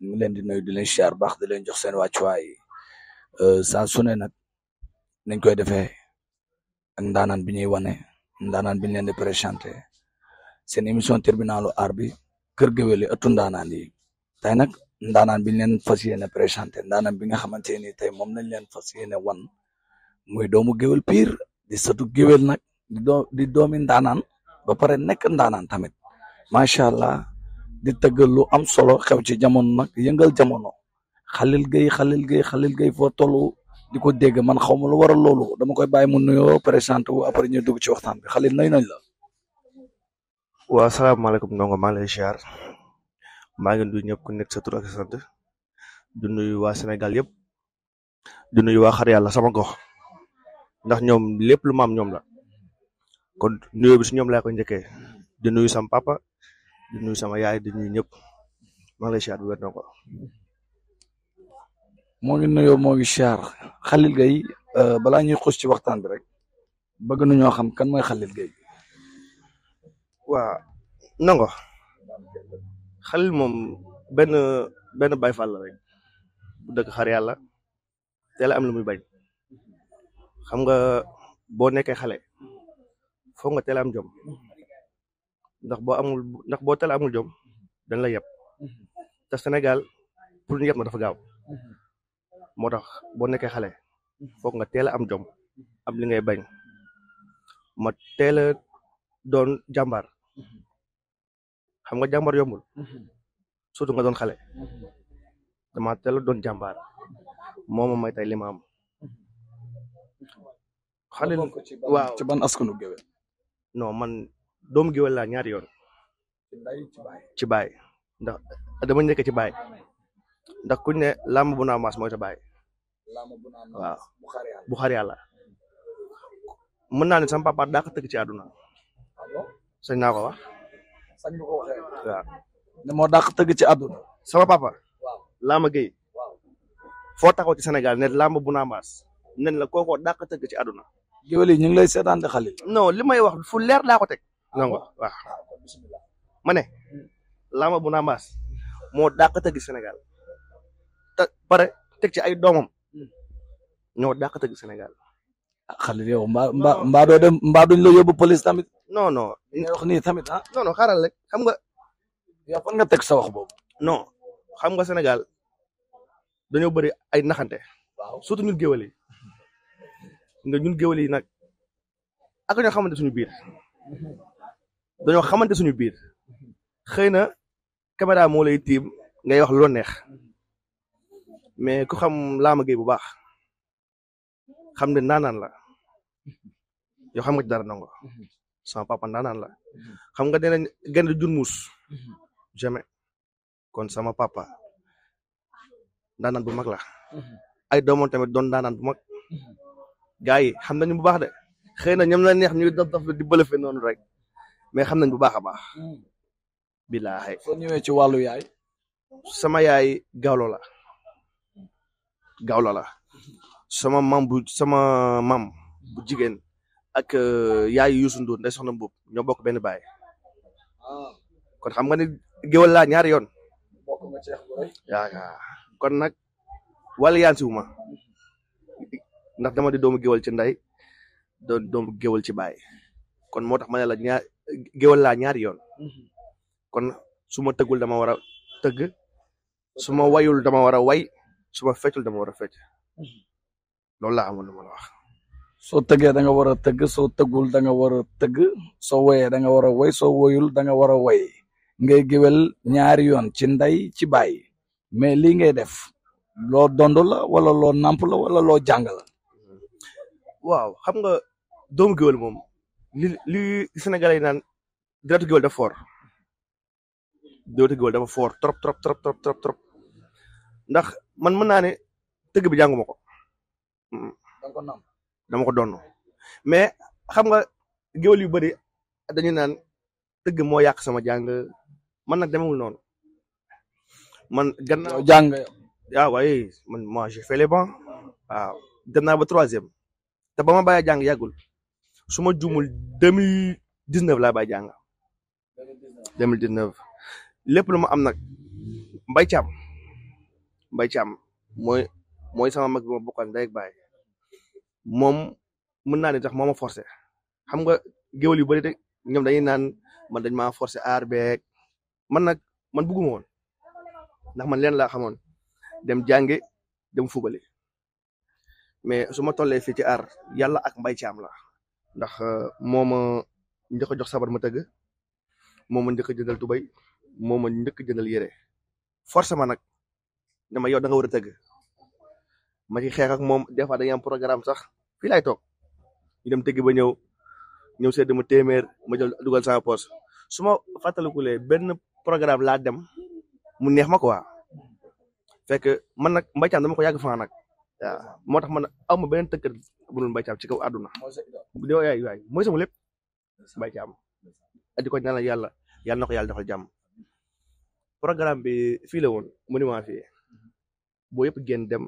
ñu ngi leen di nuyu di leen siyaar baax di leen jox seen wàccuwaay euh, saa su ne nag nañ koy defee ak ndaanaan bi ñuy wane ndaanaan bi ñu leen di présenté seen émission tribunalu aar bi kër géwél yi ëttu ndaanaan yi tey nag ndaanaan bi ñu leen fas yéene présenté ndaanaan bi nga xamante ni tey moom lañ leen fas yéene wan muy doomu géwél piir di sëtu géwél nag di doomi ndaanaan ba pare nekk ndaanaan tamit macha allah. di tëgg lu am solo xew ci jamono nag yëngal jamono xalil gay xalil gay xalil gay foo toll di ko dégg man xaw ma lu waral loolu dama koy bàyyi mu nuyoo présenté wu après ñu dugg ci waxtaan bi xalil nay nañ la. waaw salaamaaleykum ndongo maa ngi lay ziar ku nekk sa sant du nuyu waa Sénégal yëpp du nuyu waa xar yàlla sama gox ndax ñoom lépp lu maam ñoom la kon nuyoo bi si ñoom ko njëkkee di nuyu sam papa. di sama yaay di nuyu ñëpp maa ngi lay siyaar bu wér donc. nuyoo moo ngi siyaar Khalil Gueye euh, balaa ñuy xuus ci waxtaan bi rek bëgg nañoo xam kan mooy Khalil Gueye. waa nango Khalil moom benn benn Baay Faal la rek bu dëkk xar yàlla teel am lu muy bañ xam nga boo nekkee xale foog nga teel am ndax boo amul ndax boo tala amul jom dañ la yeb mm-hmm. te Sénégal pour ñu yeb na dafa gaaw mm-hmm. moo tax boo nekkee xale mm-hmm. foog nga teel a am jom am li ngay bañ ma teel doon jàmbaar xam nga jàmbaar yombul surtout nga doon xale dama teel doon jàmbaar moo ma may tey li xale waaw ci man doomu géwél laa ñaari yoon ci baay ndax dama nekk ci baay ndax kuñ ne làmb bu naa maas mooy sa baay waaw bu xar yàlla mën naa ne sama papa daa ko tëgg ci àdduna ah sañ naa ko wax waaw ne tëgg ci àdduna sama papa Lama Gueye foo taxaw ci Sénégal ne làmb bu naa maas nen na kookoo dàq tëgg ci aduna géwél yi ñu ngi lay seetaan de xale non li may wax fu leer laa ko teg nangu waaw ah, ma ne lama bu naambaas moo dàq tëgg Sénégal te pare teg ci ay doomam hmm. ñoo dàq tëgg Sénégal xalil ah, yow mbaa mbaa mbaa la yóbbu police tamit non non nga tamit ah non non xaaral rek xam nga yow fan teg sa wax boobu non xam nga senegal dañoo bëri ay naxante waaw surtout ñun géwél nga ñun géwél yi nag ak ñoo xamante suñu biir hmm. dañoo xamante suñu biir xëy na caméra moo lay tiim ngay wax lu neex mais ku xam Lama Gueye bu baax xam ne naanaan la yoo xam nga ci dara nango sama papa naanaan la xam nga dinañ gën di jur muus jamais kon sama papa naanaan bu mag la ay doomam tamit doon naanaan bu mag gars yi xam nañu bu baax de xëy na ñoom la neex ñuy daf daf di bëlëfe noonu rek mais xam nañ bu baax a baax. Hmm. bilaahi. ci wàllu yaay. sama yaay gawlo la gawlo la sama mam bu sama mam bu jigéen ak euh, yay Youssou Ndour ndey soxna Mbow ñoo bokk benn baay ah. kon xam nga ne géwal laa ñaari yoon. kon nag wàllu yaan siwu ma ndax dama di doomu géwal ci ndey doon doomu géwal kon moo tax ma géwal laa ñaari yoon mhm. kon su ma tëggul dama war a tëgg su ma wayul dama war a way su ma feccul dama war a fecc mhm. loolu laa amoon lu ma la wax soo tëggee da nga war a tëgg soo tëggul da nga war a tëgg soo woyee da nga war a woy soo woyul da nga war a woy ngay géwal ñaari yoon ci ndey ci baay mais lii ngay def loo dond la wala loo namp wala loo jàng la waaw xam nga doomu géwal moom li li Sénégalais yi naan deretu géwél dafa fort deretu géwél dafa fort trop trop trop trop trop trop ndax man mën naa ne tëgg bi jànguma ko. Hmm. dama ko doon mais xam nga géwél yu bëri dañu naan tëgg moo yàq sama jàng man nag demewul noonu man. gannaaw jàng ah waaye man moi j'ai fait les bancs waaw dem naa ba troisième te ba ma bàyyi jàng yàggul. su ma juumul deux mille dix neuf laa bàyyi jàng deux mille dix neuf lépp lu ma am nag mbay caam mbay caam mooy mooy sama mag bi ma bokkal ndey ak baay moom mën naa ne tax moo ma forcé xam nga géwél yu bari te ñoom dañuy naan man dañ maa forcé aar beeg man nag man bugguma woon ndax man leen laa xamoon dem jànge dem fubali mais su ma tollee fii ci aar yàlla ak mbay caam la ndax euh, moo ma a jox sabar ma tëgg moo ma njëkk a jëndal tubay moo ma njëkk a jëndal yére forcément nag ne ma yow da nga war a tëgg ma ci xeex ak moom des fois dañuy am programme sax fii laay toog ñu dem tëgg ba ñëw ñëw sedd ma téeméer ma jël dugal sama su ma fàttalikulee benn programme laa dem mu neex ma quoi fekk man nag mbaytaan dama ko yàgg fan nag waaw moo tax man aw ma beneen tëkkat bu dul Mbaye Thiam ci kaw àdduna waay waay mooy sama lépp Mbaye Thiam di ko ñaanal yàlla yàlla na ko yàlla defal jàmm programme bi fii la woon monument mm-hmm. boo yëpp génn dem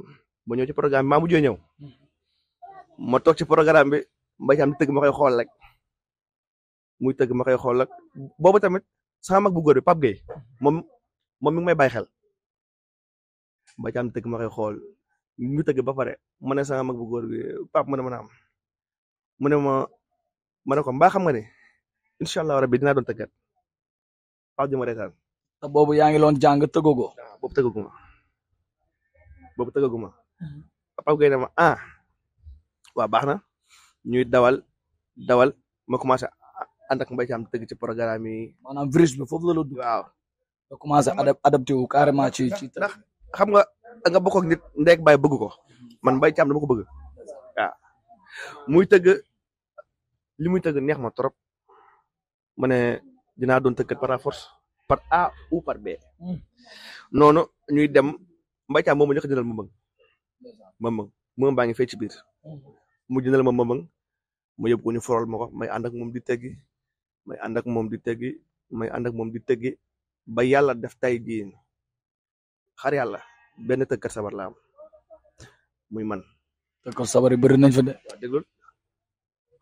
ma ñëw ci programme bi maa ñëw mm-hmm. ma toog ci programme bi Mbaye Thiam di tëgg ma koy xool rek muy tëgg ma koy xool rek boobu tamit sama bu góor bi Pape Gueye mm-hmm. moom moom mi ngi may bay xel Mbaye Thiam di tëgg ma koy ñu tëgg ba pare ma ne sama mag bu góor bi pap mu ne ma naam mu ne ma ma ne ko mbaa xam nga ne incha allah rabi dinaa doon tëggat pap ji ma reetaan te boobu yaa ngi loon jàng tëggagoo. waaw boobu tëggaguma boobu tëggaguma mhm. pap gay ne ma ah waa baax na ñuy dawal dawal ma commencé ànd ak mbay ci am tëgg ci programme yi. maanaam virus bi foofu la la. waaw nga commencé adapté wu carrément xam nga. nga bokk ak nit ndeek baay bëgg ko man Mbaye Thiam dama ko bëgg waaw muy tëgg li tëgg neex ma trop ma ne dinaa doon tëggat par la force par A ou par B noonu ñuy dem Mbaye Thiam moom mu njëkk jëndal ma mbëng ma mbëng ma ngi fay ci biir mu jëndal ma mbëng ma yóbbu ñu forol ma may ànd ak moom di teggi may ànd ak moom di teggi may ànd ak moom di teggi yàlla def tay benn tëggkat sabar laa am muy man. tëggkat sabar yi bëri nañ fa de. waaw déglul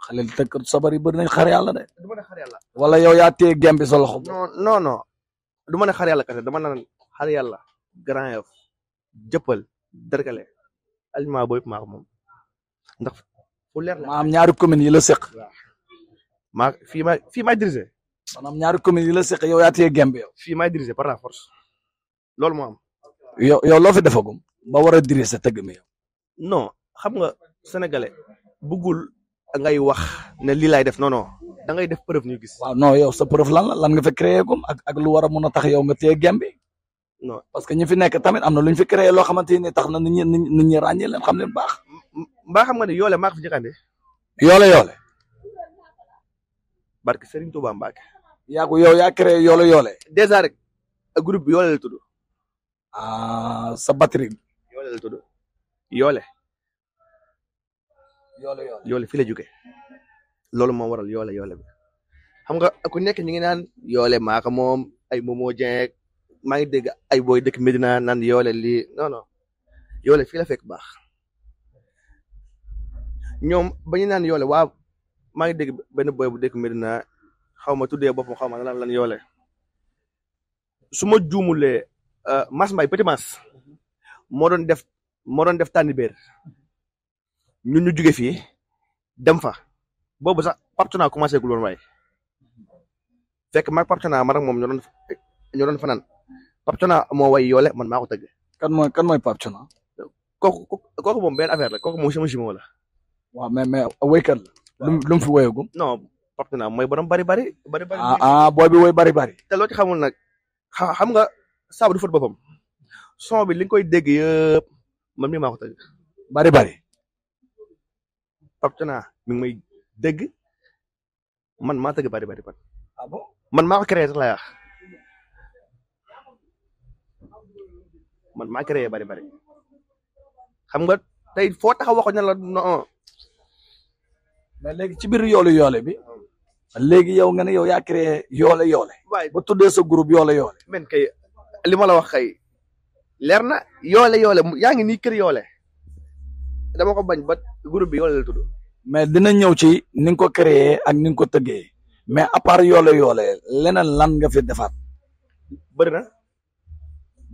xale tëggkat sabar yi bëri nañ xar yàlla de. du ma ne xar yàlla. wala yow yaa téye gem bi sa loxo. ma ne xar yàlla dama naan xar yàlla. Grand Yoff jëppal derkale aliment boobu maa ko moom ndax. fu ñaari communes yi la seq. maa fii ma fii maa dirigé. maanaam ñaari communes yi la seq yow yaa téye gem bi fii maa dirigé par la force loolu moo am. yow yow loo fi defagum ba war a diri sa tëgg mi yow. non xam nga sénégalais bëggul ngay wax ne lii laay def non non da ngay def preuve ñu gis. waaw non yow sa preuve lan la lan nga fi créé gum ak ak lu war a mun a tax yow nga téye gem bi. non parce que ñi fi nekk tamit am na lu ñu fi créer loo xamante ni tax na nit ni nit ñi ràññee leen xam leen baax. mbaa xam nga ne yoole maa ko fi njëkk a andi. yoole yoole. barke Serigne ya Mbacke. yaa ko yow yaa créé yoole yoole. dèjà rek groupe bi la tudd. Ah, sa batterie. yoole la tudd yoole. yoole yoole yoole fii la jóge loolu moo waral yoole yoole bi xam nga ku nekk ñu ngi naan yoole maa ko moom ay Momo Dieng maa ngi dégg ay booy dëkk Medina naan yoole lii non non yoole fii la fekk ñoom ba ñu naan yoole waa maa ngi dégg benn booy bu dëkk Medina xaw ma tuddee boppam xaw ma lan lan yoole su ma juumulee Euh, Mass Mbaye Petit Mass moo doon def moo doon def tànn biir ñun ñu jóge fii dem fa boobu sax partenariat commencé gu loon waaye fekk maag partenariat man ak moom ñoo doon ñoo doon fanaan partenariat way yoole man maa ko tëgg. kan mooy kan mooy partenariat. affaire la kooku moom sima sima la. waaw mais mais wéykat la. lu mu fi wéyagum. non partenariat mooy borom bari bari. Ah, ah, bari bari bari bari. te loo ci saabu du fóot boppam son bi li nga koy dégg yëpp man mii maa ko bari bari Pape Thiona mi ngi may dégg man maa tëgg bari bari man. ah bon man maa ko créé sax laa yàq man maa créé bari bari xam nga tey foo taxaw waxoon la non. mais léegi ci biir yoolu yoole bi. léegi yow nga ne yow yaa créé yoole yoole. waay ba tuddee sa groupe yoole yoole. li ma la wax xëy leer na yoole yoole yaa ngi nii kër yoole dama ko bañ ba groupe bi yoole la tudd. mais dina ñëw ci ni nga ko créé ak ni nga ko tëggee mais à part yoole yoole leneen lan nga fi defaat. bëri na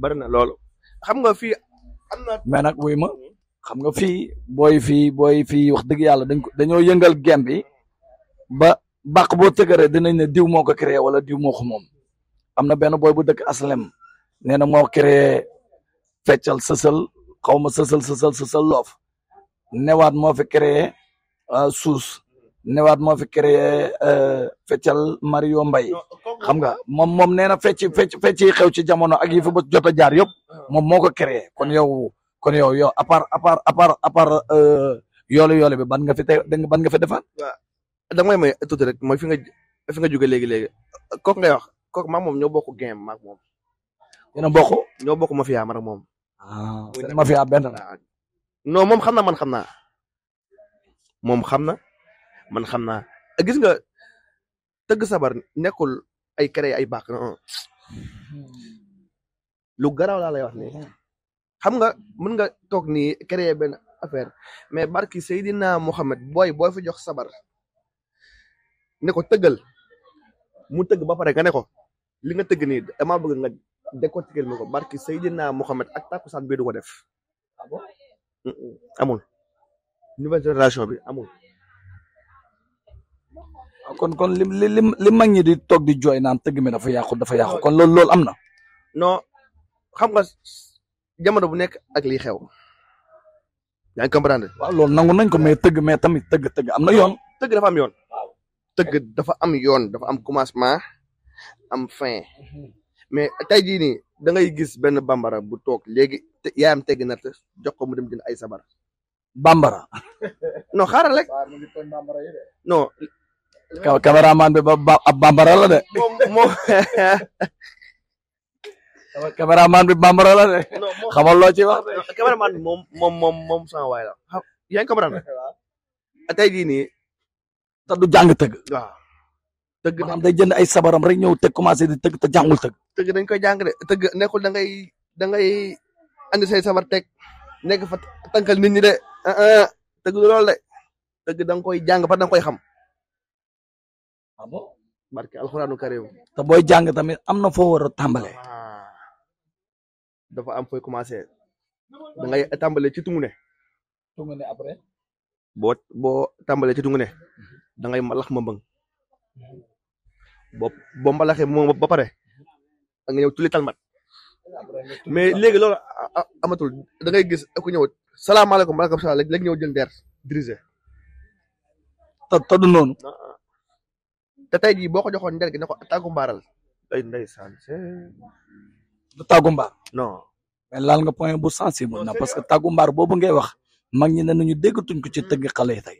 bëri na loolu. xam nga fii am na. mais nag wuy ma xam nga fii booy fii booy fii wax dëgg yàlla dañ ko dañoo yëngal gem bi ba bàq boo tëgëree dinañ ne diw moo ko créé wala diw moo ko moom am na benn booy bu dëkk aslem nee na moo créé feccal sësal xaw ma sësal sësal sësal loof newaat moo fi créé euh, suus newaat moo fi créé euh, feccal Mario Mbaye xam nga moom moom nee na fecc fecc fecc yi xew ci jamono ak yi fi ba jot a jaar yëpp moom moo ko créé kon yow kon yow yow à part à part à part à part euh, yoolu bi ban nga fi tey ban nga fi defaat. waaw may may tuuti rek mooy fi nga fi nga jóge léegi léegi kooku ngay wax kooku maa moom ñoo bokk game maa yéen a bokk. ñoo bokk mafia man moom. ah moom xam na man xam naa moom xam na man xam naa gis nga tëgg sabar nekkul ay créé ay baax lu garaw laa lay wax nii xam nga mën nga toog ni créé benn affaire mais barki Seydina Mohamed booy booy fa jox sabar ne ko tëggal mu tëgg ba pare nga ne ko li nga tëgg nii damaa bëgg nga décortiquer ma ko barki Seydina Mohamed ak takkusaan bii du ko def ah amul nouvelle génération bi amul. Ah, kon kon li li li mag ñi di toog di jooy naan tëgg mi dafa yàqu dafa yàqu kon loolu lool am na. non xam nga jamono bu nekk ak lii xew. yaa ngi comprendre. waaw loolu nangu nañ ko mais tëgg mais tamit tëgg tëgg am na yoon. tëgg dafa am yoon. tëgg dafa am yoon dafa am commencement am fin. Mhm. mais tey jii nii da gis benn bambara bu toog léegi yaayam teggi na jox ko mu dem jënd ay sabar. bambara. non xaaral rek. non. kaw bi ba ba ab bambara la de. bi bambara de. xamal loo ci bi moom moom moom moom sama waay la. yaa ngi comprendre du jàng tëgg. tëgg maanaam day jënd ay sabaram rek ñëw teg commencé di tëgg te jàngul tag tëgg dañ koy jàng tëgg nekkul da ngay da ngay andi say sabar teg nekk fa tànkal nit ñi de ah, ah tëgg lool de tëgg da nga koy jàng fa da koy xam. ah bon. barke karim te booy jàng tamit am na foo war a tàmbalee. Ah, dafa am fooy commencé da ngay tàmbalee ci tungu ne. tungu ne après. boo ci tungu ne mhm. da ngay malax ma mbëng. Mhm. boo boo mbalaxee moom ba pare nga ñëw tulli talmat mais léegi loolu amatul da ngay gis ku ñëw salaamaaleykum maaleykum salaam léegi ñëw jël der dirisé. te te du noonu. Ah, ah. te tey jii boo ko joxoon nder gi ne ko tàggu mbaaral. day ndeysaan du tàggu mbaar. non mais laal nga point bu sensible na parce que tàggu mbaar boobu ngay wax mag ñi ne nañu déggatuñ ko ci hmm. tëgg xale yi tey.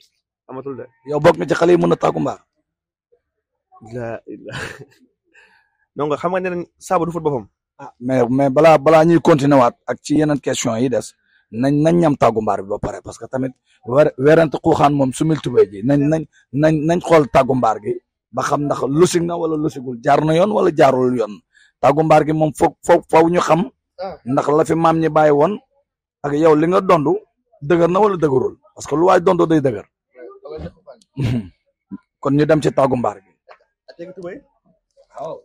amatul de yow bokk nga ci xale yi mën a tàggu la donc xam nga ne saabu du fóot boppam. ah mais mais balaa balaa ñuy continuer waat ak ci yeneen question yi des nañ nañ ñam tàggu mbaar bi ba pare parce que tamit weer weerante xuuxaan moom su multiplié ji nañ nañ nañ nañ xool tàggu mbaar gi ba xam ndax lusig na wala lusigul jaar na yoon wala jaarul yoon tàggu mbaar gi moom foog foog faw ñu xam ndax la fi maam ñi bàyyi woon ak yow li nga dondu dëgër na wala dëgërul parce que lu waay dondu day dëgër kon ñu dem ci tàggu gi. dégg nga tubay waaw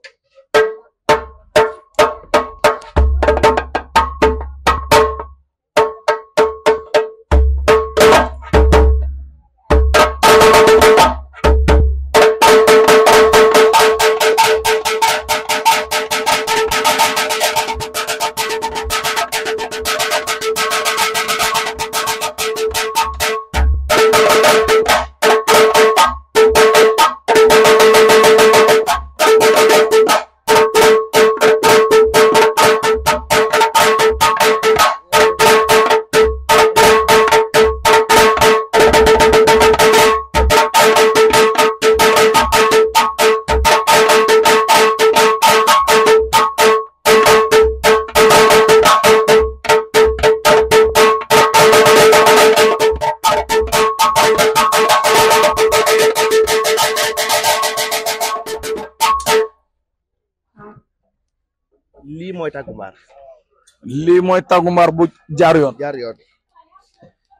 mooy tàggumbaar bu jaar yoon. jaar yoon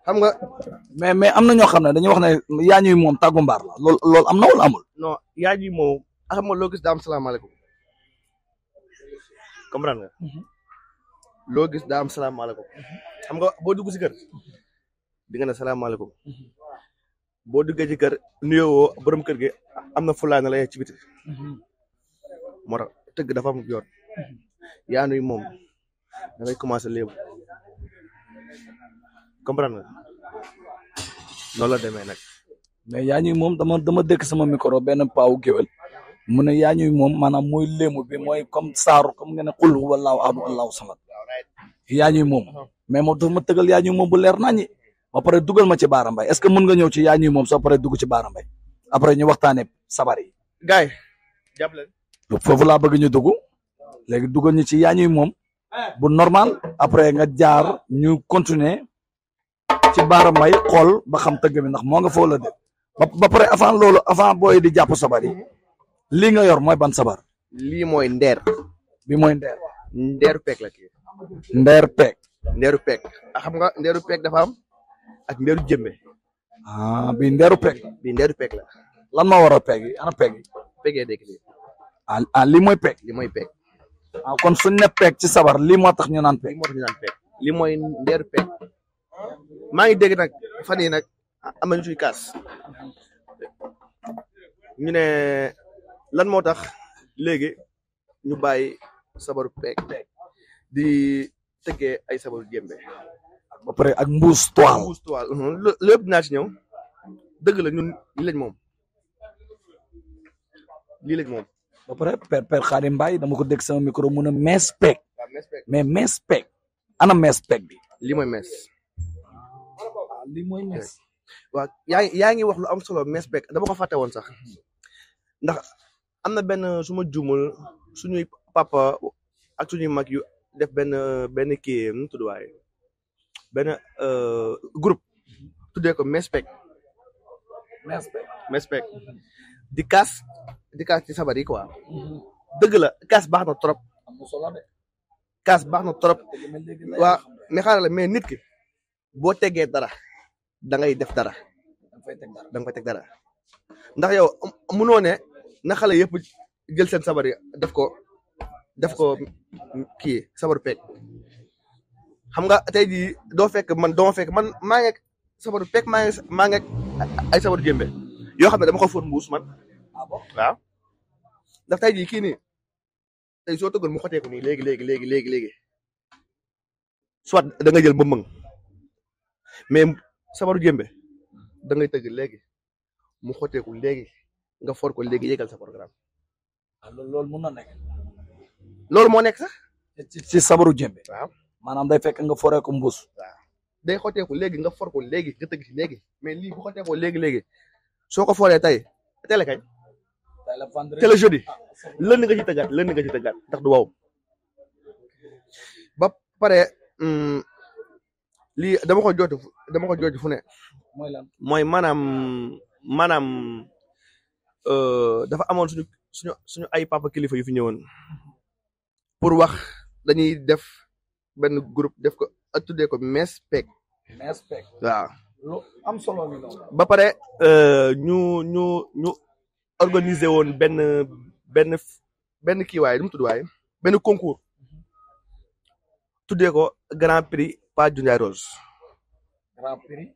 xam nga. mais mais am na ñoo xam ne dañuy wax ne yaa moom tàggumbaar la lol loolu am na wala amul. non yaa moom xam nga loo gis daa am salaamaaleykum comprendre nga. Mhm. loo gis daa am salaamaaleykum xam nga boo dugg si kër nga ne salaamaaleykum mhm. boo ci kër nuyoo borom kër gi am na fulaa na la ci biti mhm. moo tax tëgg am yoon moom da ngay commencé léebu comprendre nga noonu la demee nag. mais yaa ñuy moom dama dama dëkk sama micro benn paawu géwél mu ne yaa ñuy moom maanaam mooy léemu bi mooy comme saaru comme nga ne xul wallaahu ahad allaahu samad yaa ñuy moom mais moo dafa ma tëgal yaa ñuy moom bu leer naññi ba pare dugal ma ci Baara Mbaye est-ce que mën nga ñëw ci yaa ñuy moom soo pare dugg ci Baara Mbaye après ñu waxtaanee sabar yi. gars yi jàpp leen. foofu laa bëgg ñu dugal ñu ci yaa ñuy moom. bu normal après nga jaar ñu continuer ci baara mbay xool ba xam tëgg bi ndax moo nga foo la de ba pare avant loolu avant booy di jàpp sabar yi lii nga yor mooy ban sabar lii mooy nder bi mooy ndeer ndeeru peeg laki nder ndeer peeg ndeeru a ah, xam nga ndeeru peeg dafa am ak ndeeru jëmbe ah, bi ndeeru peeg bi ndeeru peeg la lan moo waral peeg yi ana peeg yi peegee li ah, ah lii mooy peeg li Ah, kon suñ ne peeg ci sabar lii moo tax ñu naan peeg. lii moo tax ñu naan peeg lii mooy ndeeru peeg maa ngi dégg nag fan yii nag am nañu ñu ne lan moo tax léegi ñu bàyyi sabaru peeg di tëggee ay sabaru jéembe. ba pare ak mbuus toile mbuus toile mhm. lépp dinaa ci ñëw dëgg la ñun lii lañ moom lii moom. ba pare per per Xaadim Mbaye dama ko dégg sama micro mun a mees peeg mais mees ana mees peeg bi. lii mooy mees. Ah, lii mooy mees. waaw yaa ngi yaa ngi wax lu am solo mees peeg dama ko fàtte woon sax ndax am na benn su ma suñuy papa ak suñuy mag yu def benn benn ki nu tudd waaye benn euh, groupe tuddee ko mees di kaas di kaas ci sabar yi quoi. la kaas baax na trop. kaas baax na trop. waa mais xaaral la mais nit ki boo tegee dara dangay def dara. da nga fay teg dara ndax yow munoo ne na xale yëpp jël seen sabar def ko def ko kii sabar peeg xam nga tey ji doo fekk man doo fekk man maa ngi sabaru peeg maa ngi maa ngi ay sabaru jëmbe yoo xam ne dama ko fóon mbuus man ah waaw jii kii nii tey soo tëggoon mu xotee ko nii léegi léegi léegi léegi léegi soit da nga jël mbëmbëng mais sabaru jëmbe da ngay tëgg léegi mu xotee ko léegi nga for ko léegi yégal sa programme. Ah, loolu mun na nekk. loolu moo nekk sax. ci ci sabaru jëmbe. waaw maanaam day fekk nga foree ko mbuus. waaw day xotee ko léegi nga for ko léegi nga tëgg si léegi mais lii bu ko léegi léegi. soo ko foolee tey tey la kañ tey la jeudi lënd nga ci tëggaat lënd nga du wow ba pare mm, lii dama ko jootu dama ko jooju fu ne mooy maanaam maanaam euh, dafa amoon suñu suñu suñu ay papa kilifa yu fi ñëwoon pour wax dañuy def benn groupe def ko tuddee ko mespec mespec lu am solo ba pare euh, ñu ñu ñu organiser woon benn benn benn kiiwaay lu mu benn concours tuddee ko grand prix Pa Jundiaay Rose.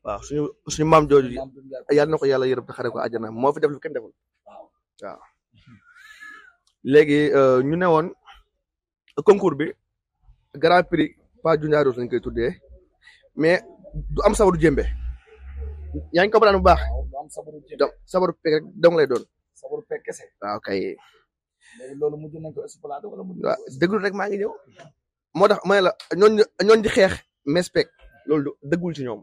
waaw suñu suñu maam jooju yàlla na ko yàlla yërëm te xare ko àjjana moo fi def lu kenn euh, ñu ne woon concours bi grand prix Pa Jundiaay Rose lañ koy tuddee mais du am sababu du jëmbe yaa ngi ko bu baax. waaw sabaru pek rek dong lay doon. sabaru pek kese. waaw ah, kay. léegi loolu mujj nañ ko exploité wala mujj. waaw déglu rek maa ngi ñëw. moo tax ma ne la ñooñu ñooñu di xeex mais pek loolu dëggul ci ñoom.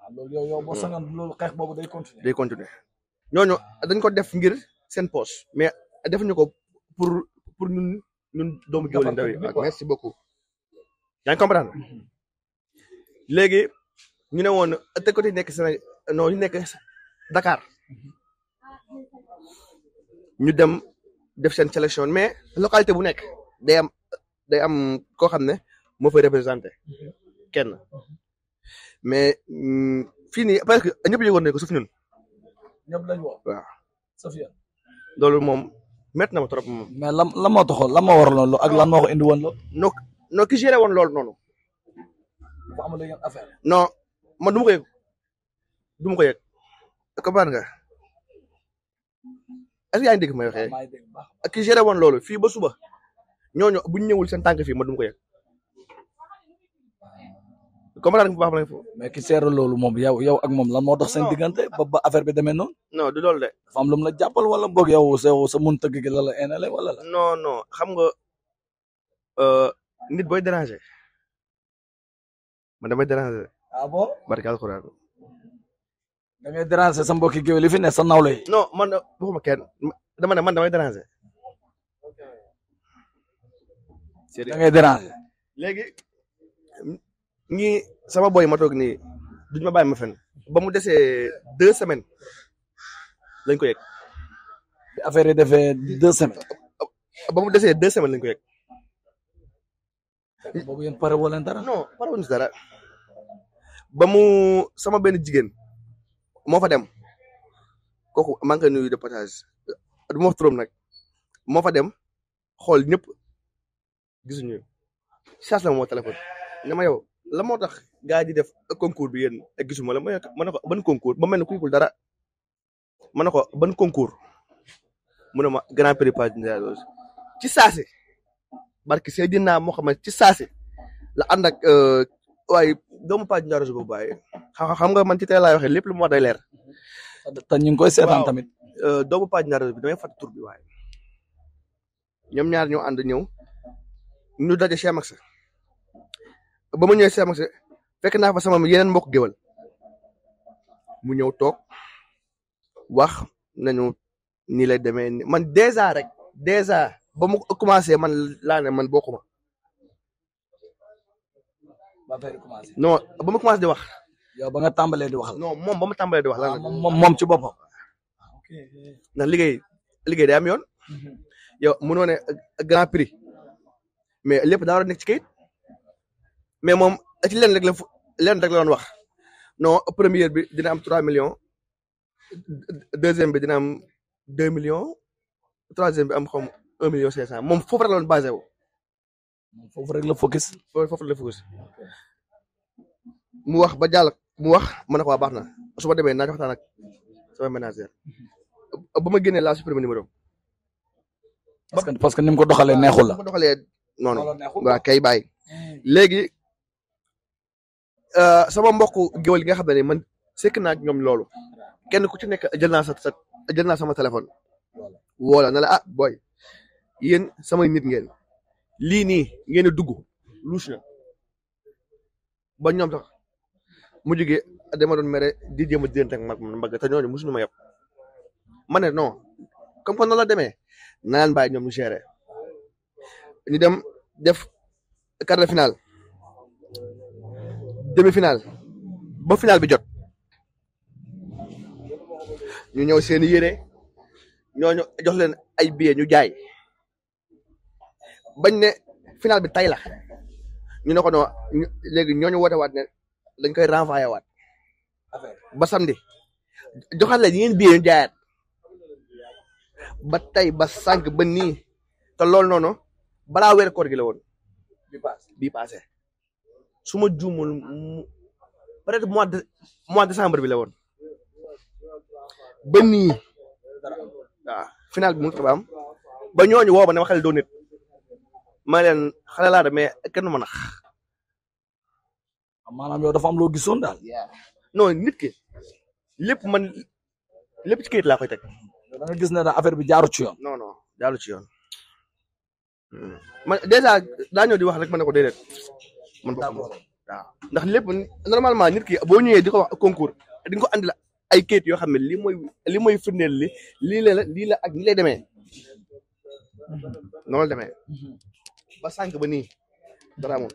Ah, loolu yow yow boo sañoon loolu xeex boobu day continuer. day continuer ñooñu dañ ko def ngir seen poche mais defuñu ko pour pour ñun ñun doomu. jaww ji ndaw yi merci beaucoup. yaa ñu ne woon ëtt côté nekk Sénégal non ñu nekk Dakar ñu dem def seen sélection mais localité bu nekk day am day am koo xam ne moo fay représenté kenn mais mm, fii nii parce que ñëpp yëgoon nañ ko suuf ñun. ñëpp moom métti na ma trop moom. mais lan lan moo taxoon lan moo waral ak lan moo ko indi woon loolu. ki géré woon loolu noonu. bu man du ma ko yëg du ma ko nga est-ce que yaa ngi dégg may waxee ak ki géré woon loolu fii ba suba ñooñu bu ñu ñëwul seen tànk fii man ma ko yëg comprendre nga bu baax lañ fo mais ki seere loolu moom yow yow ak moom lan moo tax seen diggante ba ba affaire bi demee noonu non du loolu de dafa am lu la jàppal wala boog yow sa sa mun tëgg gi la la enale wala la non non xam nga euh, nit booy déranger man damay déranger ah bon barke alxuraan déranger sa mbokki géwél yi fi ne sa nawle yi non man waxuma kenn dama ne man damay déranger da ngay déranger léegi ñi sama boy ma toog nii duñ ma fen ba mu desee deux semaine lañ ko yegg affaire yi defee deux semaines ba mu desee deux semaines lañ ko yegg boobu leen non pare wuñ dara ba mu sama benn jigéen moo fa dem kooku maa ngi koy nuyu de passage du ma wax nag moo fa dem xool ñëpp gisuñu charge la moo téléphone ne ma yow la moo tax gaa di def a concours bi yéen ak gisuma la ma ne ko ban concours ba mel ne ku yëgul dara ma ne ko ban concours mu ne ma grand prix page ci saasi barki Seydina Mohamed ci saasi la ànd euh, waaye doomu Pathé Ndiaro Diop bàyyi xam nga man ci tey laay waxee lépp lu mu wax ñu ngi koy seetaan tamit. Euh, doomu Pathé Ndiaro Diop bi damay fàttali tur bi waaye. ñaar ñoo ànd ñëw ñu daje Cheikh Max ba ma ñëwee Cheikh fekk naa fa sama yeneen mbokk géwal mu ñëw toog wax nañu nii lay demee man dèjà rek dèjà ba mu commencé man laa man bokkuma. ba affaire commencé. non ba ma commencé di wax. yow ba nga tàmbalee di wax la. non moom ba ma tàmbalee di wax la. Ah, moom moom ci boppam. Ah, ok ndax liggéey liggéey day am yoon. Mhm. yow mënoo ne grand prix. mais lépp daa war a nekk ci kayit. mais moom ci lenn rek la fu lenn rek wax no première bi dina am trois millions. deuxième bi dina am deux millions. troisième bi am xaw ma moom foofu rek la doon basé foofu rek la focus. foofu rek la focus. mu wax ba jàll mu wax ma ne ko waa baax na su ma demee naa ci waxtaan ak sama ménagère ba ma génnee laa supprimer numéro parce que parce ko doxalee neexul la. doxalee noonu waa kay bàyyi. léegi euh, sama mbokk géwél yi nga xam ne man sekk naa ak ñoom loolu kenn ku ci nekk jël naa sa sa jël naa sama téléphone. woola na la ah booy yéen lii nii ngeen dugg louche la ba ñoom sax mu jógee dama doon mere di jéem a diggante ak mag mbagg te ñooñu mosuñu ma yab ma ne non comme que noonu la demee naan bàyyi ñoom ñu géré dem def quart de finale demi-finale ba finale bi jot ñu ñëw seeni yére ñooñu jox leen ay billets ñu bañ ne final bi tay la ñu ne ko non léegi ñooñu woote waat ne dañ koy renvoyé waat ba samedi joxaat la ñeen biir ñu jaayaat ba tey ba sànq ba nii te loolu noonu balaa weer koor gi la woon bii passé su ma juumul peut-être mois de mois décembre bi la woon ba nii waaw bi mu ngi am ba ñooñu woo ma ne ma xel ma leen xale laa kenn du ma nax. maanaam yow am loo gisoon daal. non nit ki lépp man lépp ci kayit laa koy teg. da nga gis ne da affaire bi jaaru ci yoon. non non jaaru ci yoon. Hmm. man di wax rek ma ne ko déedéet. man bokk waaw ndax lépp normalement nit ki boo ñëwee di ko wax concours di nga ko andi la ay kayit yoo xam ne lii mooy lii mooy firndeel li lii la lii la demee mhm. noonu mhm. ba sànq ba nii dara amul.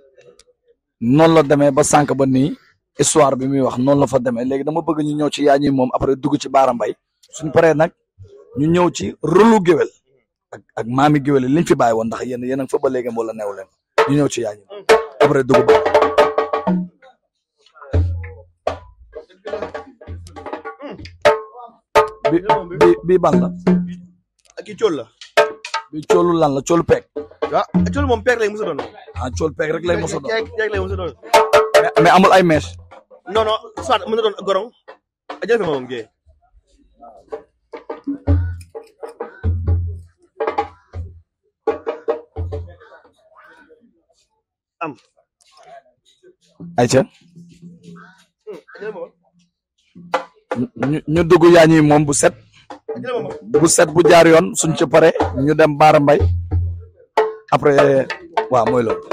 noonu la demee ba sànq ba nii histoire bi muy wax noonu la fa demee léegi dama bëgg ñu ñëw ci yaa ñi moom après dugg ci Baara Mbay suñ paree nag ñu ñëw ci rôlu géwél ak ak maami géwél liñ fi bàyyi woon ndax yéen yéen a ngi fa ba léegi wala neew leen ñu ñëw ci yaa ñi moom après dugg ba. bi bi bi ban la. bi coolu lan la coolu waaw ah, col moom peeg lay mos a doon. ah col peeg a doon amul ay mèches. non soit mën na doon gorong. Ah, jël fi am. ayca. Hmm, ah, ñu ñu dugg yaa ñuy moom bu set. bu jaar yoon suñ ci pare ñu dem Baara Mbay après waaw mooy loolu.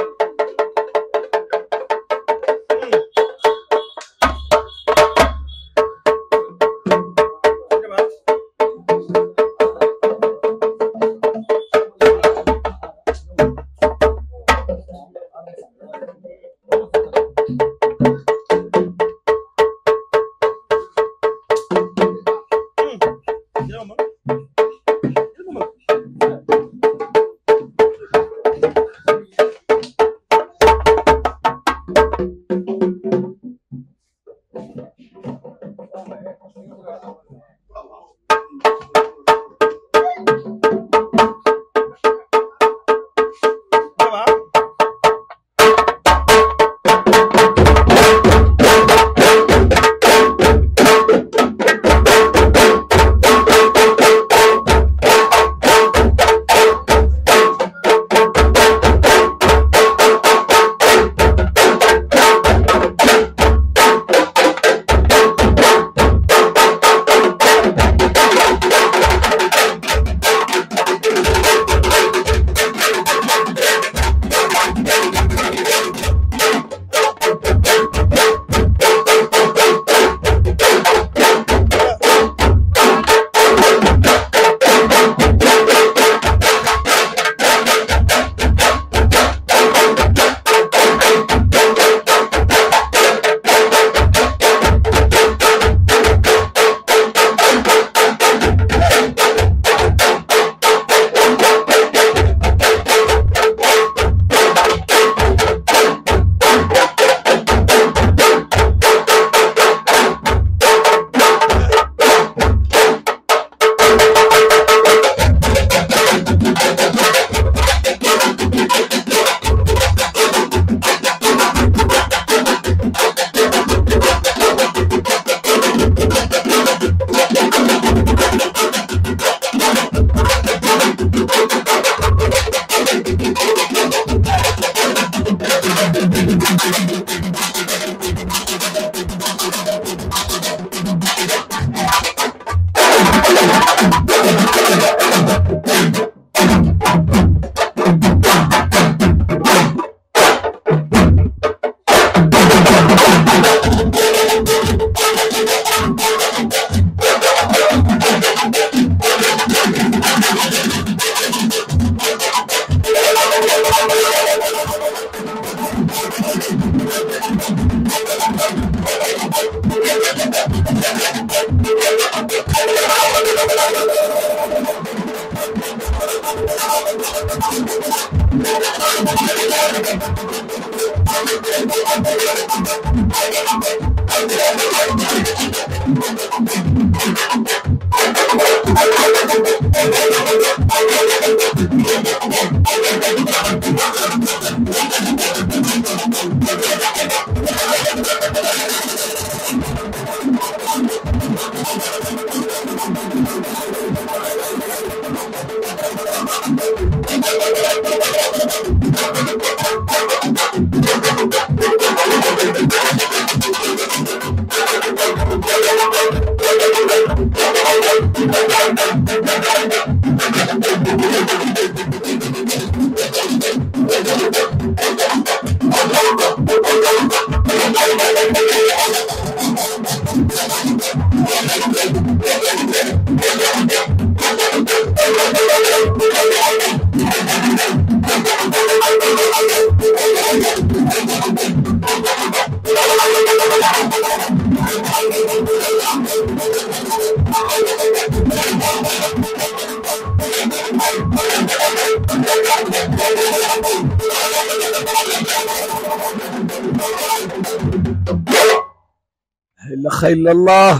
ilaha illallah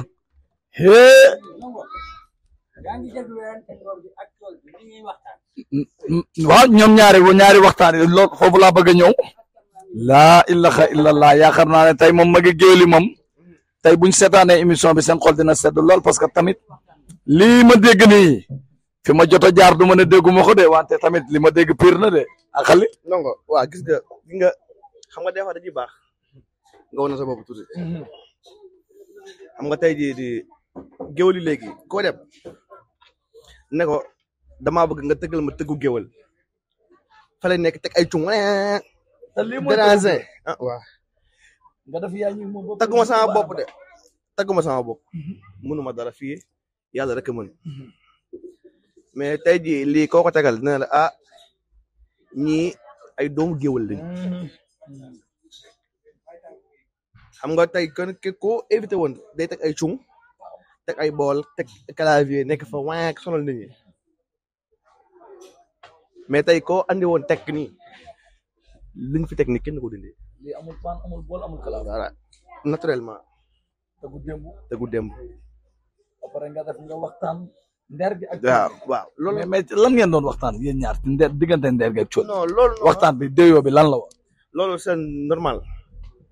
he waaw ñoom ñaari ñaari waxtaan yi lool foofu laa bëgg a ñëw laa ilaha illallah yaakaar naa ne tey moom magi géeli moom tey buñ setaane émission bi seen xol dina sedd lool parce que tamit lii ma dégg fi ma jot a jaar du ma ne dégguma ko de wante tamit li ma dégg pire na de ak xali ndongo waa gis nga gis nga xam nga des fois baax xam nga tey jii di géwal yi léegi koo ne ko dama bëgg nga tëggal ma tëggu géwel fa nekk teg ay cung déranger ah waaw def yaa ñu moom tagguma sama bopp de tagguma sama bopp mhm. mënuma dara fii yàlla rek a mën mhm. tey jii lii koo ko tegal dina la ah ñii ay doomu géwal lañu mhm. xam nga tey kon ke ko éviter woon day teg ay cung teg ay bool teg clavier nekk fa waaye ak sonal mais tey ko ande woon teg nii liñ fi teg ni kenn ko dindi. amul paan amul bool amul clavier. voilà naturellement. tegu démb tegu démb. nga def nga waxtaan. ndeer bi ak waaw waaw loolu mais lan ngeen waxtaan yéen ñaar ndeer diggante ndeer gi ak cóot. bi déyoo bi lan la woon. loolu c'est normal.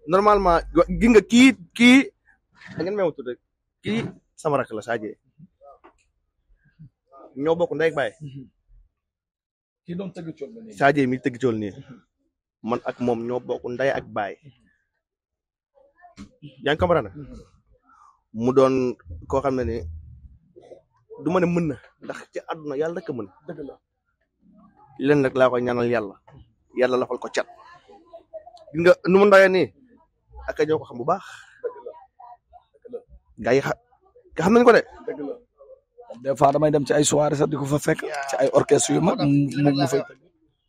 normalement gi nga kii kii da ngeen may wutul kii sama rakk la Sadio ñoo bokk nday ak baay. kii doon tëgg cool nii mi tëgg cool nii man ak moom ñoo bokk ndey ak baay yaa ngi comprendre mu doon koo xam ne ni du ma ne mën na ndax ci àdduna yàlla rek a mën. dëgg la leen rek laa koy ñaanal yàlla yàlla lafal ko cat. nga nu ak ko xam bu baax. gaa yi xam nañ ko de. des fois damay dem ci ay soirée sax ko fa fekk. ci ay orchestre yu mag mu mu fay.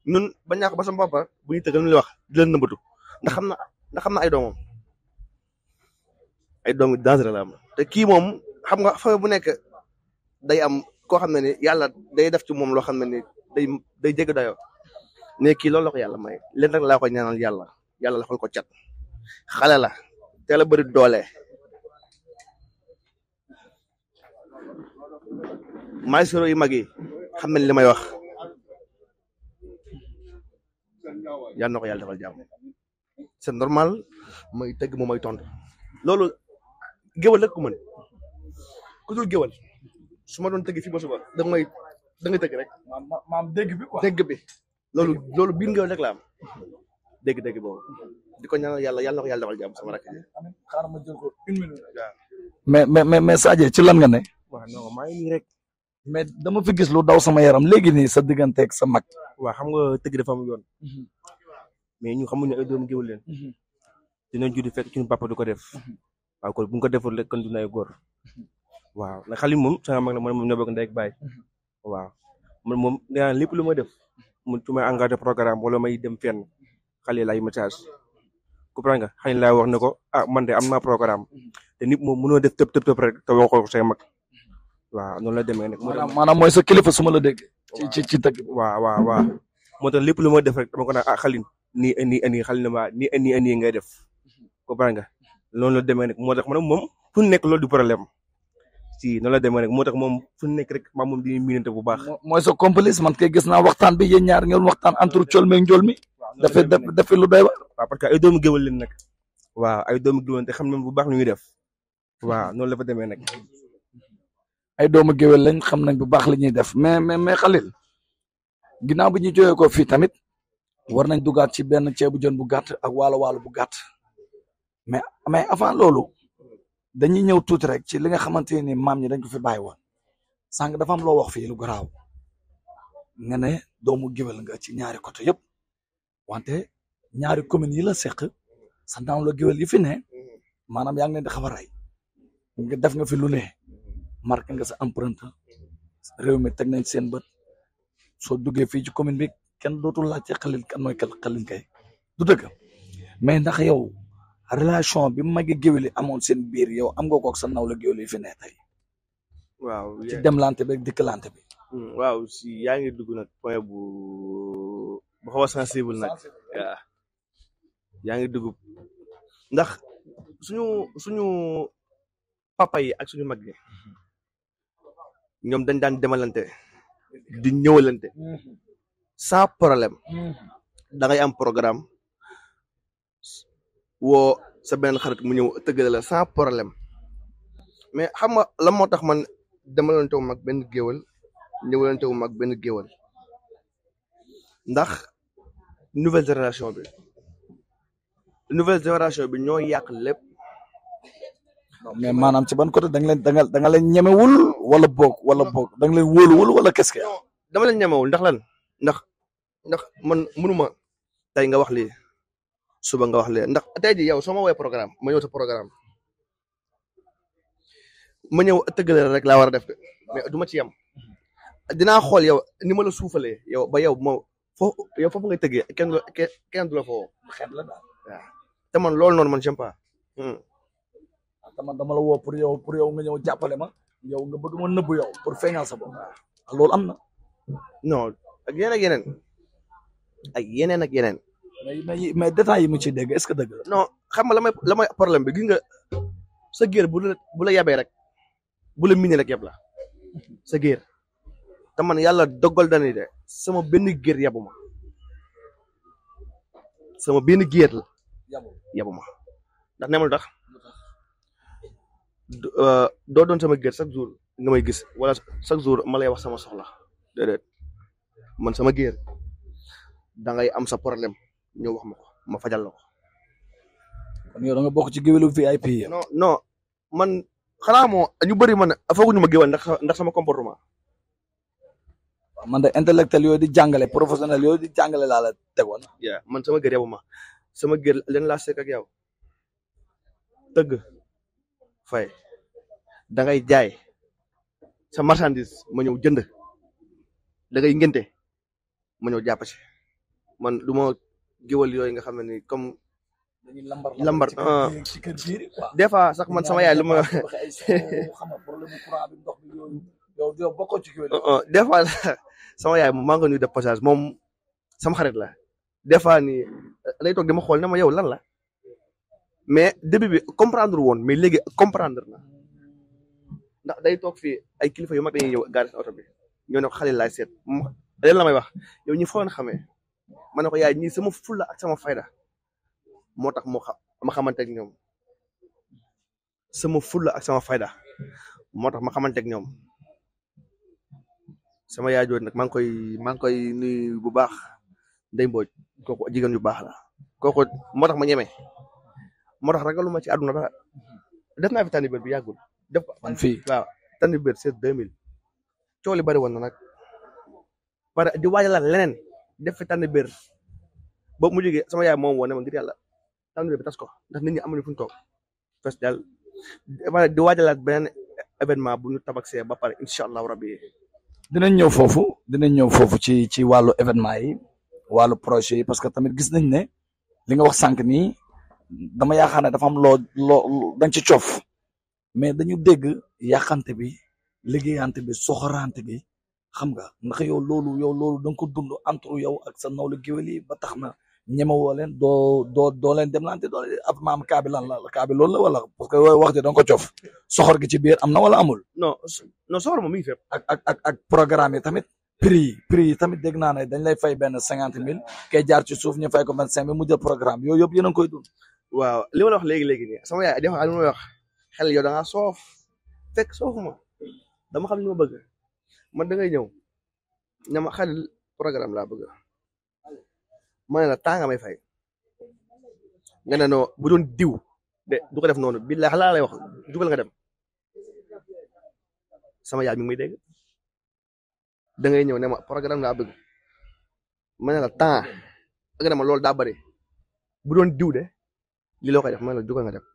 ñun ba ñàkk ba sama papa bu ñuy tëggal ñu wax di leen nëmbatu ndax xam na ndax xam na ay doomam ay doom yu dangereux te kii moom xam nga fa bu nekk day am koo xam ne ni yàlla day def ci moom loo xam ne ni day day jéggi dayoo ne kii loolu la yàlla may leen rek laa ko ñaanal yàlla yàlla defal ko cat. xale la teel a bëri doole maestro yu mag yi xam nañ li may wax yal na ko yàlla defal jàmm c'est ma may tëgg moom may tontu loolu géwal rek ku mën ku dul géwal su ma doon tëgg fii ba suba da may da nga tëgg rek. maam dégg bi quoi dégg bi loolu loolu biir géwal dégg-dégg boobu di ko ñaanal yàlla yàlla na ko yàlla defal jàmm sama rakk ji. ma jël ko mais mais mais Sadio ci lan nga ne. waaw maa rek. mais dama fi gis lu daw sama yaram léegi nii sa digganteeg sa mag. waaw xam nga tëgg dafa am yoon. Mhm. mais ñu xamuñu ay doomu géwél leen. Mhm. dinañ juddi fekk ci ñu ko def. Mhm. waaw kon bu ñu ko deful rek kon du nay waaw na xali moom sama mag la man moom ñoo bokk ndey ak baay. waaw man moom nee lépp lu ma def. mu su may engagé programme wala may dem fenn. xale laay message comprends nga xëy laa wax ko ah man de am naa programme te nit moom mënoo def tëb tëb tëb rek te waxoo ko say mag noonu la demee nag. maanaam mooy sa kilifa su ma la dégg. ci ci ci tëgg. waaw waaw lépp lu ma def rek dama ko naan ah xalin nii nii nii xalin ma nii nii nii ngay def comprends nga loolu la demee nag moo tax man moom fu nekk loolu du problème si noonu la demee nag moo tax moom fu nekk rek maa moom di miinante bu baax. mooy sa complice man kay gis naa waxtaan bi yéen ñaar ngeen waxtaan entre col meeg dafay dafay lu doy waar. waaw parce que ay doomu géwél leen nag waaw ay doomu géwél te xam nañ bu baax lu ñuy def waaw noonu la demee nag. ay doomu géwél lañ xam nañ bu baax la ñuy def mais mais mais Khalil ginnaaw bi ñu jógee ko fii tamit war nañ dugaat ci benn ceebu jën bu gàtt ak waalo waalo bu gàtt mais mais avant loolu dañuy ñëw tuuti rek ci li nga xamante ni maam ñi dañ ko fi bàyyi woon sànq dafa am loo wax fii lu garaaw nga ne doomu géwél nga ci ñaari côté yëpp wante ñaari communes yi la seq santaam la géwél yi fi ne maanaam yaa ngi leen di xabaray nga def nga fi lu ne marqué nga sa empreinte réew mi teg nañ seen bët soo duggee fii ci commune bi kenn dootul laajte xalin kan mooy xalin kay du dëgg mais ndax yow relation bi magi géwél yi amoon seen biir yow am nga kook sa naw la géwél yi fi ne tey waaw ci demlante bi ak dikkalante bi hmm, waaw si yaa ngi point bu bu xaw a sensible nag waaw ngi dugub ndax suñu suñu papa yi ak suñu mag yi mm-hmm. ñoom dañ daan demalante di ñëwalante mm-hmm. sans problème mm-hmm. da ngay am programme woo sa beneen xarit mu ñëw tëggale la sans problème mais xam nga la moo tax man demalante wu mag benn géwal ñëwalante wu mag benn géwal nouvelle génération bi nouvelle génération bi ñoo yàq lépp. mais maanaam ci ban côté da nga leen da nga da nga leen ñemewul wala boog wala boog da nga leen wóoluwul wala qu'est-ce que dama leen ñemewul ndax lan ndax ndax man mënuma tey nga wax lii suba nga wax lee ndax tey ji yow soo ma woowee programme ma ñëw sa programme ma ñëw tëggale rek laa war a def mais du ma ci yem dinaa xool yow ni ma la suufalee yow ba yow moo foofu yow foofu ngay nga kenn du la kenn du la foofu. xet la te man loolu noonu man j'aime pas. Hmm. ah te man dama la woo pour yow pour yow nga ñëw jàppale ma yow nga bëgg ma nëbbu yow pour feeñal sa bopp waaw ah. ah, loolu am na. non ak yeneen ak yeneen ak yeneen ak yeneen. mais mais yi mu ci dégg est-ce que dëgg la. xam nga la may la may problème bi gis nga sa géer bu la bu la rek bu la miné rek yab la sa géer. te man yàlla dogal na de sama benn géer yabu sama benn géer la yabu ma ndax ne ma lu tax euh, doo sama géer chaque jour nga may gis wala chaque jour ma lay wax sama soxla déedéet man sama géer da ngay am sa problème ñëw ma ko ma fajal la ko. kon bokk ci géwélu VIP. non non man xanaa moo ñu bëri man fooguñu ma géwél ndax ndax sama comportement. man de intellectuel yooyu di jàngale professionnel yooyu di jàngale laa la tegoon. yaa man sama gër yow ma sama gër leen laa sekk ak yow fay da jaay sa marchandise ma ñëw jënd da ngay ngénte ma ñëw jàpp ci man du ma géwal yooyu nga xam ne ni comme. lambar lambar ah. sax man sama yaay lu ma. yow yow euh, euh, des fois sama yaay maa ngi ko de passage moom sama xarit la des fois nii lay euh, toog ma xool ne ma yow lan la mais début bi comprendre woon mais léegi comprendre na ndax day toog fi ay kilifa yu mag dañuy ñëw gaare si oto bi ñoo ne ko xale laay seet la may wax yow ñi fo xamee ma ne ko yaay ñii sama fulla ak sama fayda moo tax moo xam ma xamante ak ñoom sama fulla ak sama fayda moo tax ma xamante ak ñoom. sama yaay jooju nag maa ngi koy maa koy nuyu bu baax Ndeye Mbodj kooku jigéen yu baax la kooku moo tax ma ñeme moo tax ragaluma ci àdduna dara def naa fi tànn biir bi yàggul. def ko man fii waaw tànn biir c'est 2000 coow li bari woon na nag pare di waajalaat leneen def fi tànn biir mu jógee sama yaay moom woon ne ma ngir yàlla tànn biir bi tas ko ndax nit ñi amuñu fu ñu toog fes daal di waajalaat beneen événement bu ñu tabaxee ba pare incha allahu rabbi dinañ ñëw foofu dinañ ñëw foofu ci ci wàllu événement yi wàllu projet yi parce que tamit gis nañ ne li nga wax sànq nii dama yaakaar ne dafa am loo loo dañ ci coof mais dañu dégg yàqante bi liggéeyante bi soxorante bi xam nga ndax yow loolu yow loolu da nga ko entre yow ak sa nawlu géwél yi ba tax na ñeme woo leen doo doo doo leen demlante doo leen ab maam kaa lan la kaa bi loolu la wala parce que wax ji da nga ko cof soxor gi ci biir am na wala amul. non non soxor moom mi ngi fépp. ak ak ak programme yi tamit. prix yi prix yi tamit dégg naa ne dañ lay fay benn cinquante mil kay jaar ci suuf ñu fay ko vingt cinq mille mu jël programme yooyu yëpp yéen a ngi koy dund. waaw li ma la wax léegi léegi nii sama yaay dafa am lu ma wax xel yow da ngaa soof fekk soofuma dama xam li bëgg man da ngay ñëw ñama xel programme laa bëgg. mane ne la temps nga may fay nga ne bu doon diw de du def noonu billahi laa lay wax jugal nga dem sama yaay mi ngi may dégg da ngay ne ma programme laa bëgg ma ne la temps nga ne ma loolu daa bari bu doon diw de li loo koy def ma ne la jugal nga dem.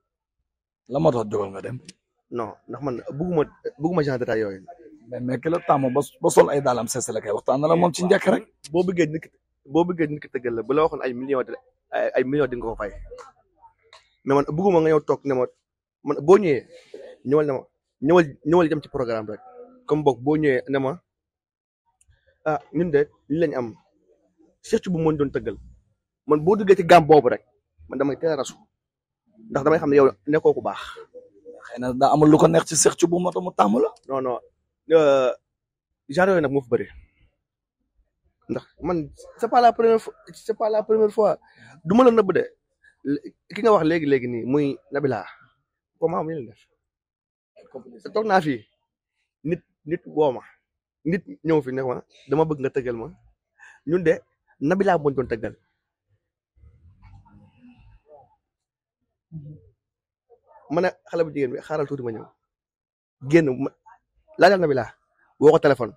la moo tax jugal nga dem. non ndax man bëgguma bëgguma genre détail yooyu. mais mais ki la taamu ba ba sol ay daalam seese la kay waxtaan na la moom ci njëkk rek. boo bëggee nit boo bëggee nit ki tëggal la bu la waxoon ay millions ay millions di nga ko fay mais man bëgguma nga ñëw toog ne man boo ñëwee ñëwal ne ma ñëwal ñëwal ci programme rek comme boog boo ñëwee ne ma ah ñun de li lañ am surtout bu mën doon tëggal man boo duggee ci gàmm boobu rek man damay teel a ndax dama xam ne yow nekkoo ku baax. xëy na daa amul lu ko neex ci Cheikh Thioub bu moto mu tàmm la. Euh, genre yooyu nag moo fi bëri. ndax man c'est pas la première fois duma pas la première de ki nga wax léegi léegi nii muy Nabila comment mu leen def toog naa fi nit nit woo nit ñëw fi ne ma dama bëgg nga tëggal ma ñun de Nabila moo doon tëggal ma ne xale bu bi xaaral tuuti ma ñëw génn ma laajal Nabila woo ko téléphone.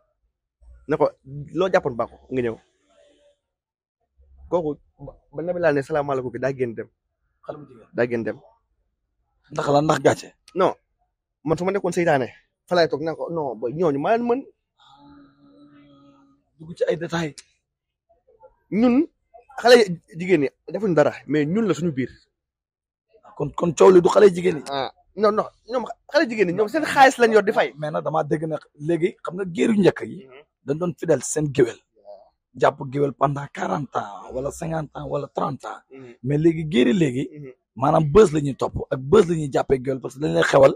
ne ko loo jàppoon ba nga ñëw kooku ba nabi laa ne salaamaaleykum bi daa génn dem. xale bu jigéen dem. ndax la ndax gàcce. non man su ma nekkoon seytaane fa laay toog ne ko non booy ñooñu maa leen mën. dugg ci ay détails. ñun xale jigéen ñi defuñ dara mais ñun la suñu biir. kon kon coow li du xale jigéen ñi. ah non non ñoom xale jigéen ñi ñoom seen xaalis lañ yor di fay. mais nag damaa dégg ne léegi xam nga géeru njëkk yi. Mhm. dañ doon fidèle seen géwél jàpp géwél pendant quarante ans wala cinquante ans wala trente ans mm-hmm. mais léegi géeri léegi mm-hmm. maanaam bës la ñuy topp ak bës la ñuy jàppee géwél parce que dañ lay xewal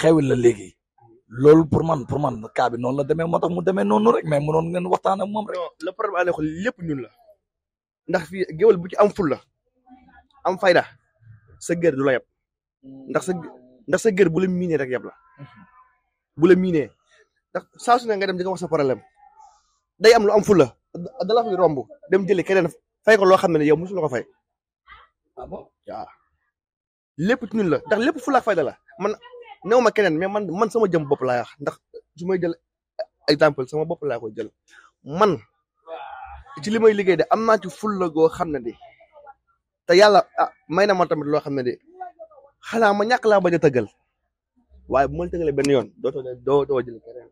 xewil la léegi mm-hmm. loolu pour man pour man cas bi noonu la demee moo tax mu demee noonu rek mais mënoon ngeen waxtaan ak moom rek. non le problème à l'école lépp la ndax fii géwél bu ci am ful la am fayda sa gër du la yab ndax sa ndax sa gër bu la miinee rek yab la bu la miinee ndax saa su ne dem di wax sa problème. day am lu am fulla dala fi romb dem jëli keneen fay ko loo xam ne yow mosul la ko fay ah lépp ci ñun la ndax lépp fulla ak fayda la man néew ma keneen mais man man sama jëm bopp laa wax ndax su may jël exemple sama bopp laa koy jël man ci li may liggéey de am naa ci fulla goo xam ne de te yàlla ah may na ma tamit loo xam ne de xanaa ma ñàkk laa bañ a tëggal waaye bu ma tëggalee benn yoon dootoo doo doo jël keneen.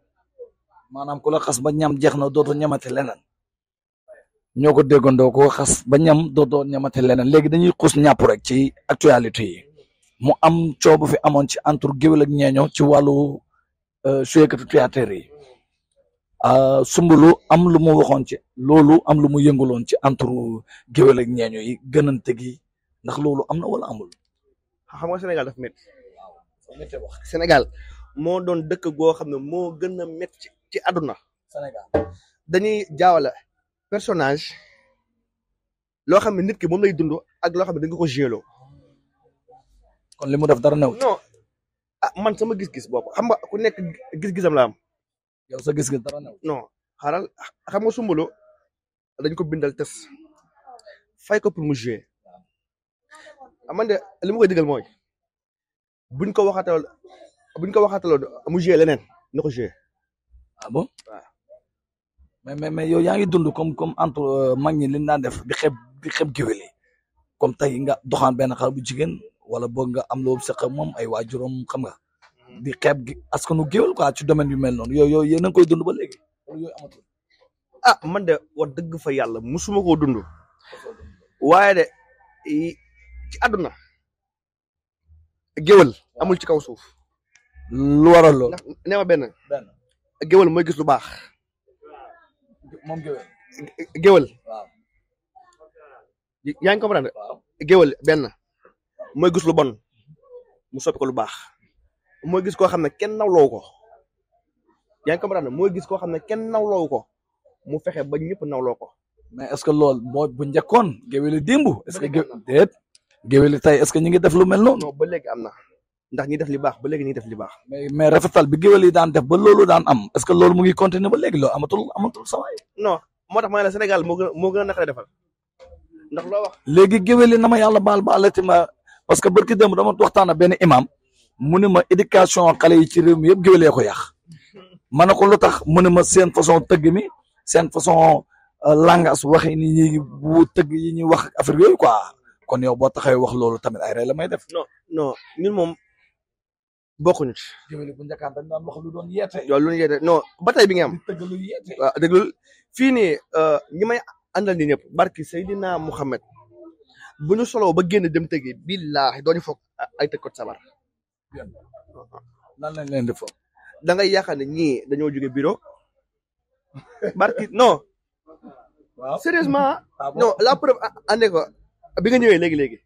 maanaam kolo la xas ba ñam jeex na dootoo ñamate leneen ko déggandoo ko xas ba ñam dootoo ñamate leneen léegi dañuy xus ñàpp rek ci actualité yi mu am coobu fi amoon ci entre géwél ak ñeeño ci wàllu euh, suyekatu théâtre yi euh, sumbulu am lu mu waxoon ci loolu am lu mu yëngaloon ci entre géwél ak ñeeño yi gënante gi ndax loolu am na wala amul. xam nga Sénégal dafa métti. Sénégal moo doon dëkk goo xam ne moo gën a ci àdduna Sénégal dañuy jaawale personnage loo xam ne nit ki moom lay dund ak loo xam ne dañ ko ko kon li mu def dara new non a ah, man sama gis-gis bopp xam nga ku nekk gis-gisam la am yow sa gis-gis dara new non xam nga Soumboulou dañ ko bindal test fay ko pour mu jouer ah, man de li ma koy digal mooy buñ ko waxataloon buñ ko waxataloon mu jouer leneen na ko jouer ah bon mais mais mais yow yaa ngi dund comme comme entre euh, mag ñi li ñu daan def di xeeb di xeeb géwél yi nga doxaan benn xar bu jigéen wala boog nga am loo seq moom ay waajuram xam nga hmm. di xeeb gi askanu géwél quoi ci domaine yu mel noonu yooyu yooyu yéen koy dund ba léegi yooyu amatul ah man de wax dëgg fa yàlla musuma koo dundu waaye de ci àdduna géwél amul ci kaw suuf lu géwal mooy gis lu baax. moom géwal. géwal. waaw. yaa ngi comprendre. waaw géwal benn mooy gis lu bon mu soppi ko lu baax mooy gis koo xam ne kenn nawloo ko yaa ngi comprendre mooy gis koo xam ne kenn nawloo ko mu fexe ba ñëpp nawloo ko. mais est-ce que loolu boo bu njëkkoon géwéli démb est-ce que déet géwéli tey est-ce que ñu ngi def lu mel noonu. non ba léegi am na. ndax ñi def li baax ba léegi ñi def li baax. mais mais rafetal bi géwél yi daan def ba loolu daan am est ce que loolu mu ngi continuer ba léegi loolu amatul amatul sa non moo tax ma ne la Sénégal moo gën a moo gën ndax loo wax. léegi géwél na ma yàlla baal baal ma parce que barki démb dama waxtaan ak benn imam mu ne ma éducation xale yi ci réew mi yëpp géwélee ko yàq ma ne ko lu tax mu ne ma seen façon tëgg mi seen façon euh, langage waxi ni ñi bu tëgg yi ñuy wax affaire yooyu quoi kon yow boo taxee wax loolu tamit ay la may def. non non ñun bokkuñu ci. jëwale bu njëkkaan dañ daan wax lu tey bi nga am. dëgg lu yeete. waaw fii nii euh, ñi may àndal ni ñëpp barki Seydina Mouhamed bu ñu soloo ba génn dem tëggi billaahi doo fok foog ay tëgkot sabar. lan lañ leen di foog. da ngay yaakaar dañoo jóge bureau. barki non. waaw sérieusement. Ah non la preuve àndee ah, ko bi nga ñëwee léegi léegi.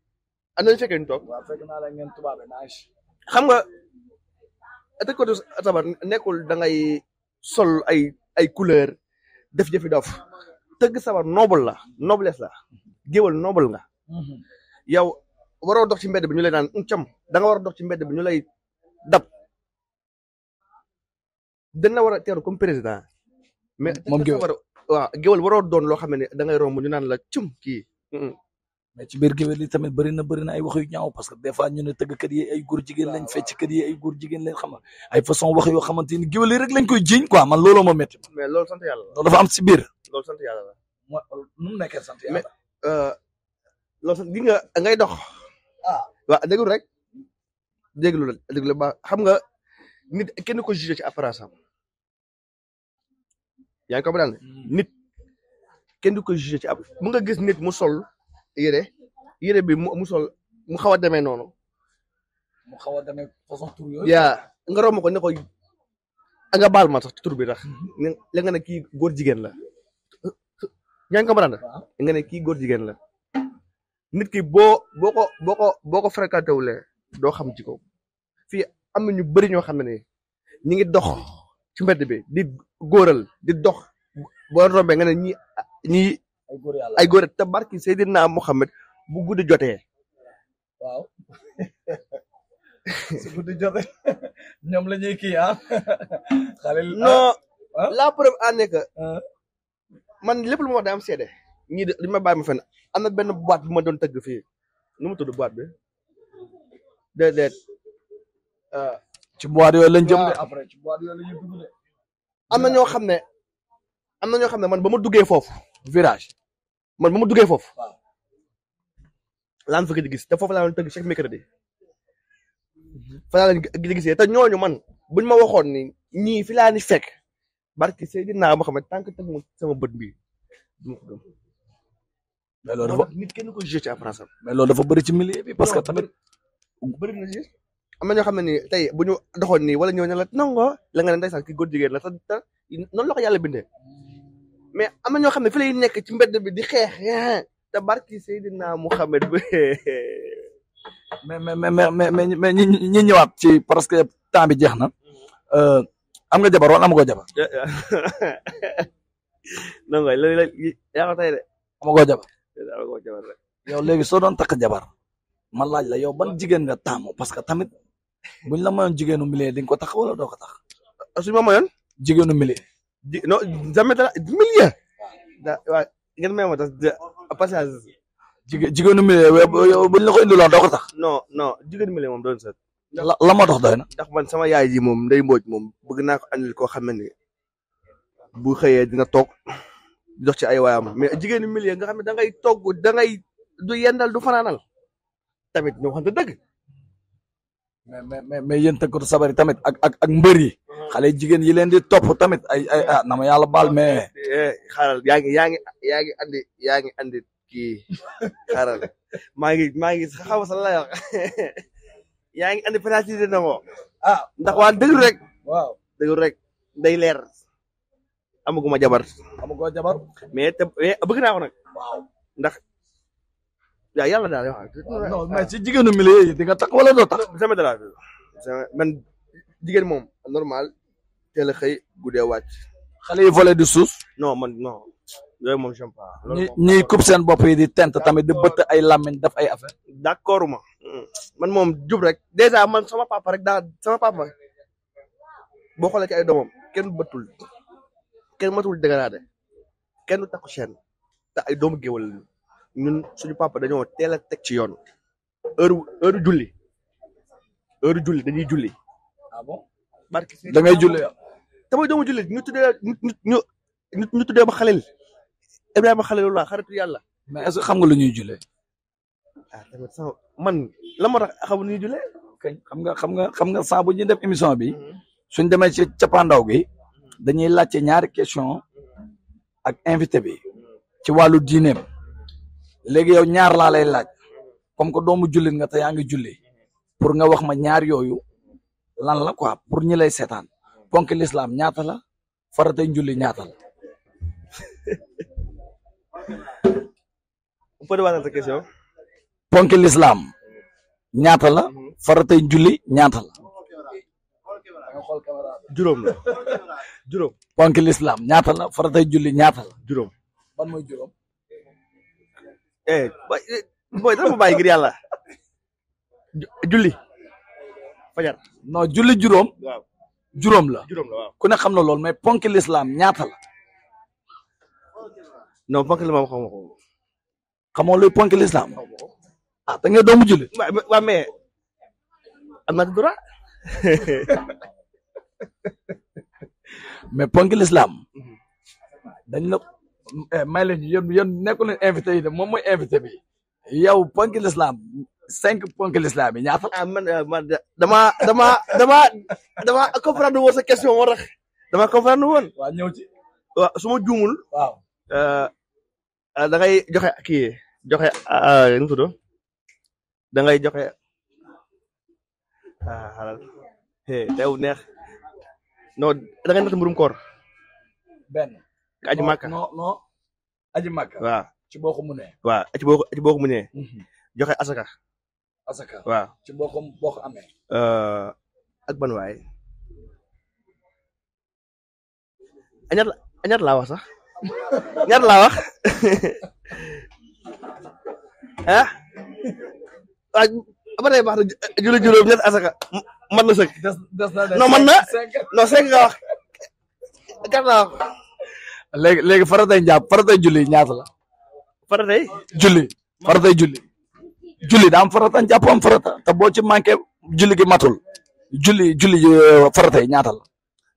am nañu fekkee attaque atabar nekkul da ngay sol ay ay couleur def jëfi dof tëgg sabar noble la noblesse la géwal noble nga yow waroo dox ci mbedd bi ñu lay naan uncam mm, danga nga war a dox ci mbedd bi ñu lay dab dana war a teeru comme président mais moom géwal waaw waroo doon loo xam ne da ngay romb ñu naan la cum kii mais ci biir yi tamit bëri na bëri na ay wax yu ñaaw parce que des fois ñu ne tëggkat yi ay góor jigéen lañ ay góor jigéen lañ xama ay façon wax yoo xamante ni géwél yi rek lañ koy jiiñ quoi man looloo ma métti mais loolu sant yàlla loolu dafa am si biir loolu sant yàlla la mooy nu mu nekkee sant yàlla euh, loolu sant gi nga ngay dox ah waa rek déglu la ba xam nga nit kenn ko jugé ci apparence am yaa ngi comprendre hmm. nit kenn du ko jugé ci mu nga gis nit mu sol yére yére bi mu mu mu xaw a demee noonu. mu xaw a demee façon ya yooyu. yaa nga romb ko ne ko ah, nga baal ma sax bi tax. Mhm. la nga ne ki góor jigéen la. yaa ngi comprendre nga ne kii góor jigéen la. nit ki boo boo ko boo ko boo ko fréquenté wulee doo xam ci ko fii am na ñu bëri ñoo xam ne ni ñu ngi dox oh. ci bi di góoral di dox boo rombee nga ne ñi ñi ay góor te barki Seydina Mohamed bu guddi jote waaw su ñoom la ñuy kii ah. xale ah. Ah. la preuve en est ah. man lépp lu ma wax day ñii de li ma ma fenn am na benn boîte bu ma doon tëgg fii nu mu tudd boîte bi déedéet. Euh, ci boîte yooyu lañ jëm de après ci boîte na ñoo xam ne am na ñoo xam ne man ba ma duggee foofu virage. man ba ma duggee foofu laan fa gëj gis te foofu laa doon tëgg chaque mercredi fa laa gëj gisee te ñooñu man buñ ma waxoon ni ñii fi laa ni fekk barki Seydina Muhammad tant que teg mu sama bët bii du ma ko gëm. mais loolu dafa nit kenn am. mais dafa bëri ci milieu parce que tamit. bëri na ci am na ñoo xam ne nii tey bu ñu doxoon nii wala ñoo ne la la nga ne ndeysaan ki la te noonu la ko mais am na ñoo xam ne fi lay nekk ci mbedd bi di xeex te barki Seydina Mouhamed ba mais mais mais mais mais ñi ñëwaat ci parce que temps bi jeex na euh, nga jabar wala am jabar. non non ko tey de. am nga jabar. am yow léegi soo doon takk jabar ma laaj la yow ban jigéen nga taamu parce que tamit buñ la mayoon jigéenu milieu di nga ko takk wala doo ko takk. su ma mayoon. jigéenu milieu. no Jameta milieu waaw ngeen may ma tax passage jigéen jigéenu milieu buñ la ko indiloon doo ko tax non non jigéenu milieu moom doon set la la moo tax doy na ndax man sama yaay ji moom day mbooj moom bëgg naa ko andil koo xam ne bu xëyee dina toog dox ci ay waayam mais jigéenu milieu nga xam ne dangay ngay togg da ngay du yendal du fanaanal tamit ñu waxante dëgg mais mais mais yéen tëggatu sabar tamit ak ak ak mbër uh-huh. yi jigéen yi leen di topp tamit ay ay ah na ma yàlla baal mais. Eh, xaaral yaa ngi yaa yaa ngi andi yaa ngi andi kii xaaral maa ngi maa ngi xaw ma sax yaa ngi andi pédagogie na ko ah ndax waa dëgg rek. dëgg rek day leer. amaguma jabar amaguma jabar mais te ko nag. waaw waaw yàlla daal waaw. non mais si jigéenu milieu yi di nga takk wala doo takk. jamais de la vie jigéen moom normal teel a xëy guddee wàcc. xale yi volé di suuf. non man non yooyu moom j'aime pas. ñi ñiy seen bopp yi di tent tamit di bëtt ay làmmiñ daf ay affaire. d' accord ma mm. man moom jub rek dèjà man sama papa rek daa sama papa boo xoolee ay doomam kenn bëttul kenn matul dégradé kenn takku chaîne te ay doomu géwël ñun suñu papa dañoo teel a teg ci yoon heure heure juli heure juli dañuy juli ah bon da ngay julli ah. tamay doomu julli ñu tuddee ñu ñu ñu tuddee ba xalil yàlla. mais est-ce que xam nga lu ñuy jullee. Ah, man la moo tax xamu ñuy jullee. kañ xam nga xam nga xam nga saa bu def émission bi mm-hmm. suñ demee ci cappaandaw gi mm-hmm. dañuy laajte ñaari question ak invité bi ci wàllu diineem. léegi yow ñaar laa lay laaj comme que doomu jullit nga te yaa ngi julli pour nga wax ma ñaar yooyu lan la quoi pour ñi lay seetaan ponk lislaam ñaata la faratay njulli ñaata la. on peut demander ta question. ponk lislaam ñaata la mhm. faratay njulli ñaata la. juróom la juróom. ponk lislaam ñaata la faratay njulli ñaata la. juróom juróom. eh booy eh, dama mu bàyyi ngir yàlla. julli. fajar non julli juróom. juróom la. ku ne xam na lool mais ponk l'islam ñaata la. non ponk l'islam xamoo ko. xamoo ponk l'islam. ah da ngay doomu julli. waaw mais am na droit. mais ponk l'islam mhm. dañ la. Eh, may la ñu yéen yéen nekku invité yi de moom mooy invité bi yow ponki lislaam cinq ponki lislaam yi ñaata. ah man euh, dama damaa damaa damaa damaa comprendre woon sa question moo tax damaa comprendre woon. waaw ñëw ci. waaw su ma juumul. waaw. Euh, euh, da ngay joxe kii joxe nu ah, neex non da ngay natt koor aji màkka non non aji màkka waaw ci boo ko mënee waaw ci boo ci boo ko mënee mhm. joxe asaka asaka waaw ci boo ko boo ko amee euh, ak ban a añaat añaat laa wax sax ñaat laa wax ah. na juróom juróom ñett na sëkk non man na non cinq nga wax léegi léegi faratay njàpp faratay julli ñaata la. faratay julli faratay julli julli daa am farata njàpp am farata te boo ci manqué julli gi matul julli julli euh, faratay ñaata la.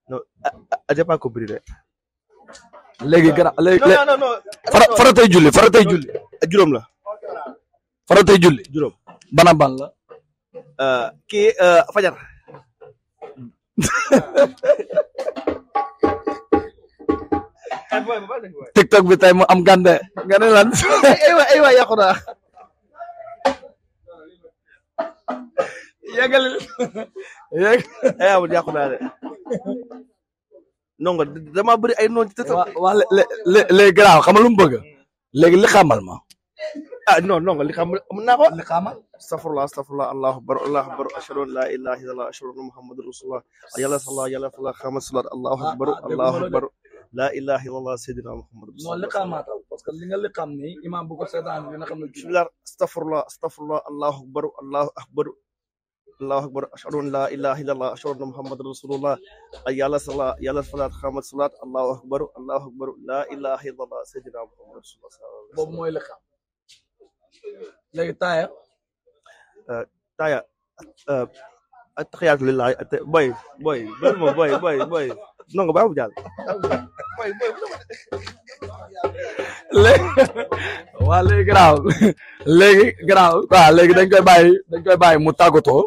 non à à compris de. léegi gën a léegi faratay julli faratay julli. juróom la. faratay juróom bana ban la. Euh, euh, fajar. tiktok bi tey mu am gande nga ne lan aywa aywa yàqu naa yàggali yàgg yàqu naa de non dama bëri ay noonu ci tiktok wax léegi garaaw xamal lu mu bëgg léegi li xamal ma ah non non li xam mën naa ko li xamal astafurlah astafurlah akbar allahu akbar ashhadu la ilaha akbar laa ilaha illallah sayyidina muhammad noonu liqaamaatal parce que li nga liqaam nii imaam bu ko seetaan dina xam ne bismillah astafurlah astafurlah allahu akbaru allahu akbaru allahu akbar ashhadu an laa ilaha illallah ashhadu anna muhammadan rasulullah ay yàlla sala yàlla salaat xamat salaat allahu akbaru allahu akbaru laa ilaha illallah sayyidina muhammad rasulullah boobu mooy liqaam léegi taaya euh, taaya euh, at taxiyaatu lillahi boy boy boy boy boy non baabu jàll léegi waa léegi garaaw léegi garaaw waaw léegi dañ koy bàyyi dañ koy bàyyi mu tàggatoo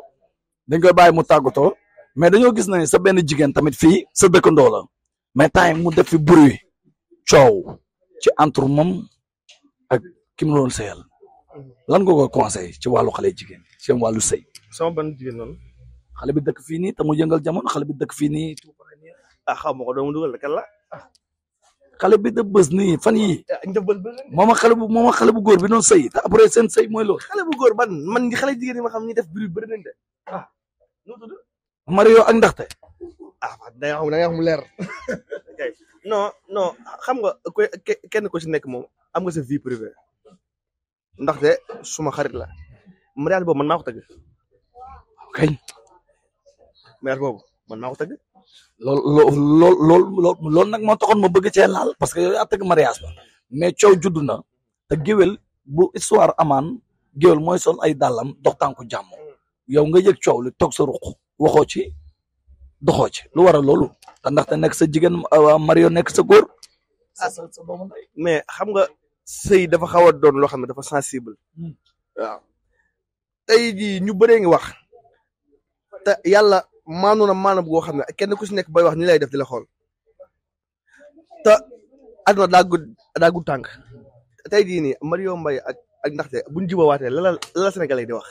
dañ koy bàyyi mu tàggatoo mais dañoo gis ne sa benn jigéen tamit fii sa dëkkandoo la mais temps mu def fi bruit coow ci entre moom ak ki mu doon sëyal lan nga ko ci wàllu xale jigéen ci wàllu sëy sama benn jigén noonu xale bi dëkk fii nii te mu yëngal jamono bi dëkk fii nii ah xaw ma ko doomu dugal kan la xale bi da bës nii fan yii. Ah, ah, moom ak xale bu moom ak xale bu góor bi noonu sëy te après seen sëy xale bu góor ban man xale jigéen ñi ma xam ñi def bruit bëri a de ah nu tudd. Mario ak ndaxte. ah da nga leer. non non xam nga kenn ko ci nekk moom am nga sa vie privée ndaxte suma xarit la mariage boobu man maa ko tëgg. kañ boobu man maa ko lo loolu lool lool loolu nag moo taxoon ma bëgg cee laal parce que yooyu yaa tëgg mariage ba mais coow judd na te géwél bu histoire amaan géwél mooy sol ay dàllam dox tànku jàmm yow nga yëg coow li toog sa ruq waxoo ci doxoo ci lu waral loolu te ndaxte nekk sa jigéen euh, Mario nekk sa góor. mais xam nga sëy dafa xaw a doon loo xam ne dafa sensible. Hmm. waaw tey ñu bëree wax te yàlla. maanoon na maanaam goo xam ne kenn ku si nekk bay wax ni lay def di la xool te aduna daa gudd daa gudd tànk tey jii nii Mario Mbaye ak ak ndaxte buñ jibawaatee la la la Sénégalais di wax.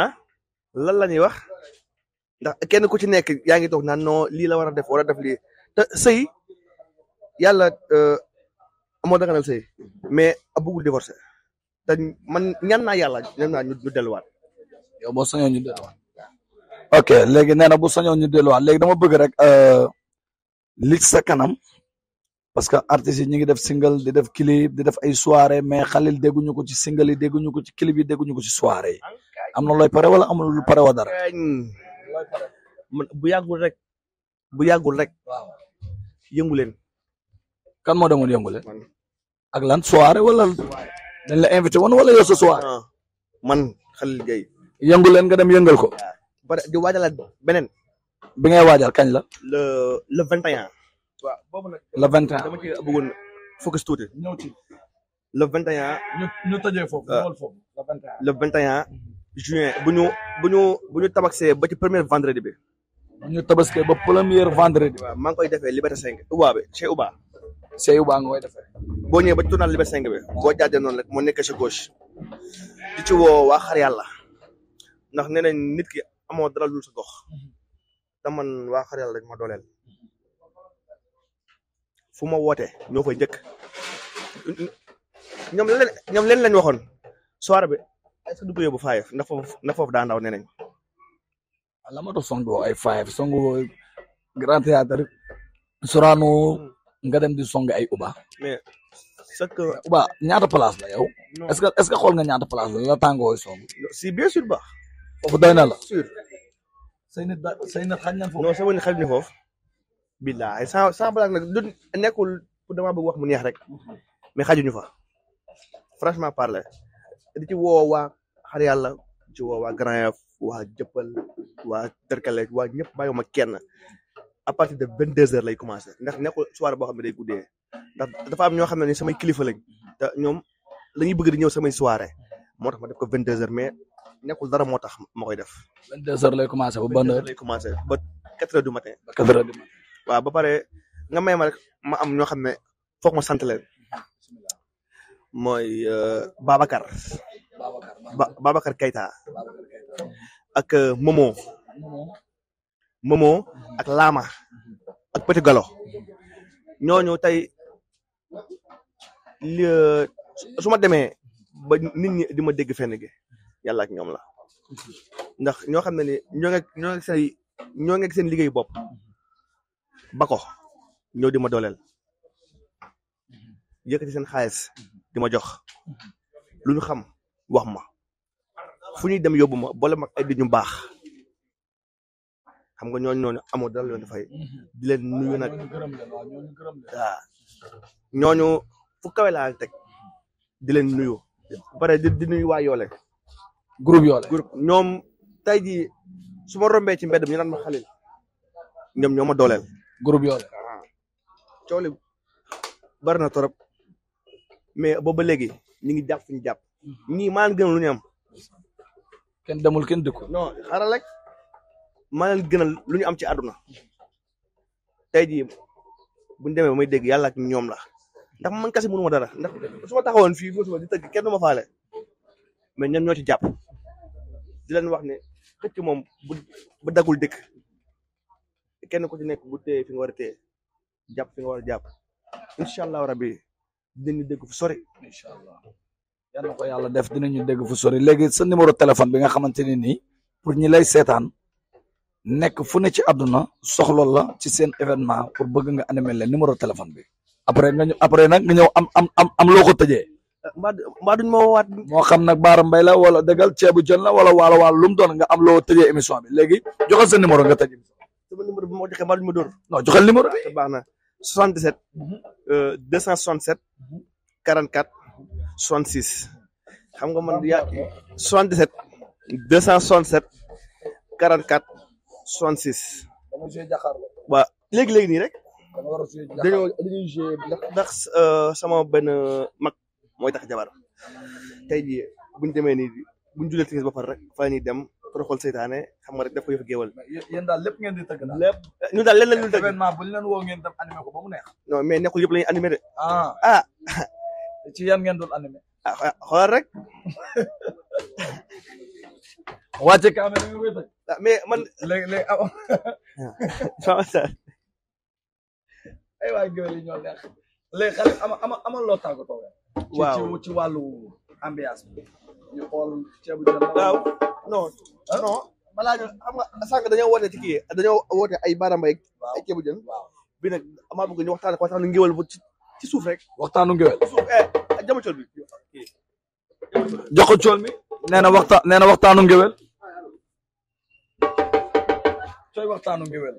ah lan la ñuy wax ndax kenn ku ci nekk yaa ngi toog naan non lii la war a def war a def lii te sëy yàlla euh, moo daganal sëy mais a bëggul te man ñaan naa yàlla ñaan naa ñu delluwaat. yow boo ok léegi nee na bu sañoon ñu delluwaat léegi dama bëgg rek euh, li sa kanam parce que artistes yi ñu ngi def single di def clip di def ay soirée mais xalil dégguñu ko ci single yi dégguñu ko ci clip yi dégguñu ko ci soirée yi am na looy pare wala amul lu pare wa dara. bu yàggul rek bu yàggul rek. waaw yëngu kan moo demoon yëngu leen. ak wala. dañ la invité woon wala yow ce soir. man Khalil Gueye. yëngu leen nga dem yëngal ko. ba ah, di waajalaat beneen. bi ngay waajal kañ la. le le vingt et un. waaw le vingt et un dama ci bëggoon le vingt et ñu ñu tëjee foofu lool ah. foofu. le vingt et juin bu ñu bu ñu bu ñu tabaxee ba ci premier vendredi bi. bu ñu tabaxee ba premier vendredi. waaw koy defee Liberté 5 Uba bi Uba. seyu baa nga koy defee. boo ñëwee ba ci tournal Liberté 5 bi boo jaajee noonu rek moo nekk sa gauche di ci woo nit ki amoo dara dul sa gox te man waa xar yàlla dañ ma dooleel fu ma wootee ñoo fay njëkk ñoom leen ñoom leen lañ waxoon soirée bi ay sa dugub bu faayef ndax foofu ndax foofu daa grand théâtre Sorano. Hmm. nga dem di song ay Uba. mais chaque Uba ñaata place la yow. est-ce que est-ce que xool nga ñaata place la la tàngooy song. si bien sûr baax. foofu doy na la. sûr say nit ba say nit xaj nañ foofu. non sama nit xaj ni foofu. billaay sans sans blague nag du nekkul pour dama bëgg wax mu neex rek mais xajuñu fa franchement parler di ci woo waa xar yàlla ci woo waa Grand Yoff waa Jëppal waa Derkale waa ñëpp bàyyiwuma kenn. à partir de vingt deux heures lay commencé ndax nekkul soirée boo xam ne day guddee ndax dafa am ñoo xam ne ni samay kilifa lañ te ñoom la ñuy bëgg di ñëw samay soirée moo tax ma def ko vingt deux heures mai nekkul dara moo tax ma koy def. vingt deux heures lay commencé ba ban heure lay commencé ba du matin. ba quatre heures du matin waaw ba pare nga may ma rek ma am ñoo xam ne foog ma sant leen mooy euh, Babacar. Babacar Babacar euh, Momo. Momo mhm. ak Lama ak Petit Galo ñooñu tey li euh, su ma demee ba nit ñi di ma dégg fenn gi yàlla ak ñoom la ndax ñoo xam ne ni ñoo ngeeg ñoo ngeeg say ñoo ngeeg seen liggéey bopp ba ñoo di ma dooleel yëkkati seen xaalis di ma jox lu ñu xam wax ma fu ñuy dem yóbbu ma boole mag ay ñu baax xam nga ñooñu noonu amoo dara leen dafay mm-hmm. di leen nuyu nag waaw ñooñu fu kawe laa teg di leen nuyu ba di di nuyu waa yoole groupe yoole groupe ñoom tey jii su ma rombee ci mbedd mi ñu naan ma xalil ñoom ñoo ma dooleel groupe yoole waaw coow bari na torop mais booba léegi ñu ngi jàpp fu ñu jàpp mm-hmm. ñii maan gën lu ñu am kenn demul kenn dëkku maa leen gënal lu ñu am ci àdduna tey jii bu ñu demee ba may dégg yàlla ñoom la ndax ma kese mënu ma dara ndax su ma taxawoon fii foofu di tëgg kenn du ma faale mais ñoom ñoo ci jàpp di leen wax ne xëcc moom bu bu dagul dëkk kenn ku ci nekk bu téye fi nga war a téye jàpp fi nga war a jàpp incha rabi dinañu dégg fu sori incha allah yàlla def dinañu dégg fu sori léegi sa numéro téléphone bi nga xamante ne nii pour ñi lay seetaan. nekk fu ne ci àdduna soxla la ci seen événement pour bëgg nga animer leen numéro téléphone bi après nga ñu après nag nga ñëw am am am am loo ko tëjee. mbaa duñ ma woowaat. moo xam nag Baara Mbay la wala dëggal ceebu jën la wala waalo waalo lu mu doon nga am loo tëjee émission bi léegi joxal sa numéro nga tëj émission bi. sama numéro bi ma ko joxee mbaa duñ ma dóor. non joxal numéro bi. baax na 77. 267. 44. 66. xam nga man yaa 77. 267. 44. 66. dama joué jàkkaarloo. waa léegi-léegi rek. dama a joué euh, sama benn mag mooy tax jabar tey jii buñ demee nii buñ jullee timis ba pare rek fa ñuy dem toroxal seytaane xam nga rek def ko yëf géwal. yéen daal lépp ngeen di tëgg daal lépp ñu daal lenn lañu tëgg événement bu ñu leen woo ngeen dem animé ko ba mu neex. non mais nekkul yëpp la ñuy animé de. ah ah. ci yan ngeen doon animé. ah xoolal rek. Watch the camera with it. Mais man léeg-léeg oh. am ay waay ama ama amal loo tàggatoo waaw ci ci wàllu ambiance bi ñu xool ceebu nga sànq dañoo woote ci kii dañoo woote ay barambay ay ceebu jën bi nag amaa bëgg ñu waxtaan ko waxtaanu ngéwél bu ci suuf rek waxtaanu ngéwél suuf eh cool bi jox cool mi nee na waxta nee na waxtaanu ngéwél coy waxtaanu ngéwél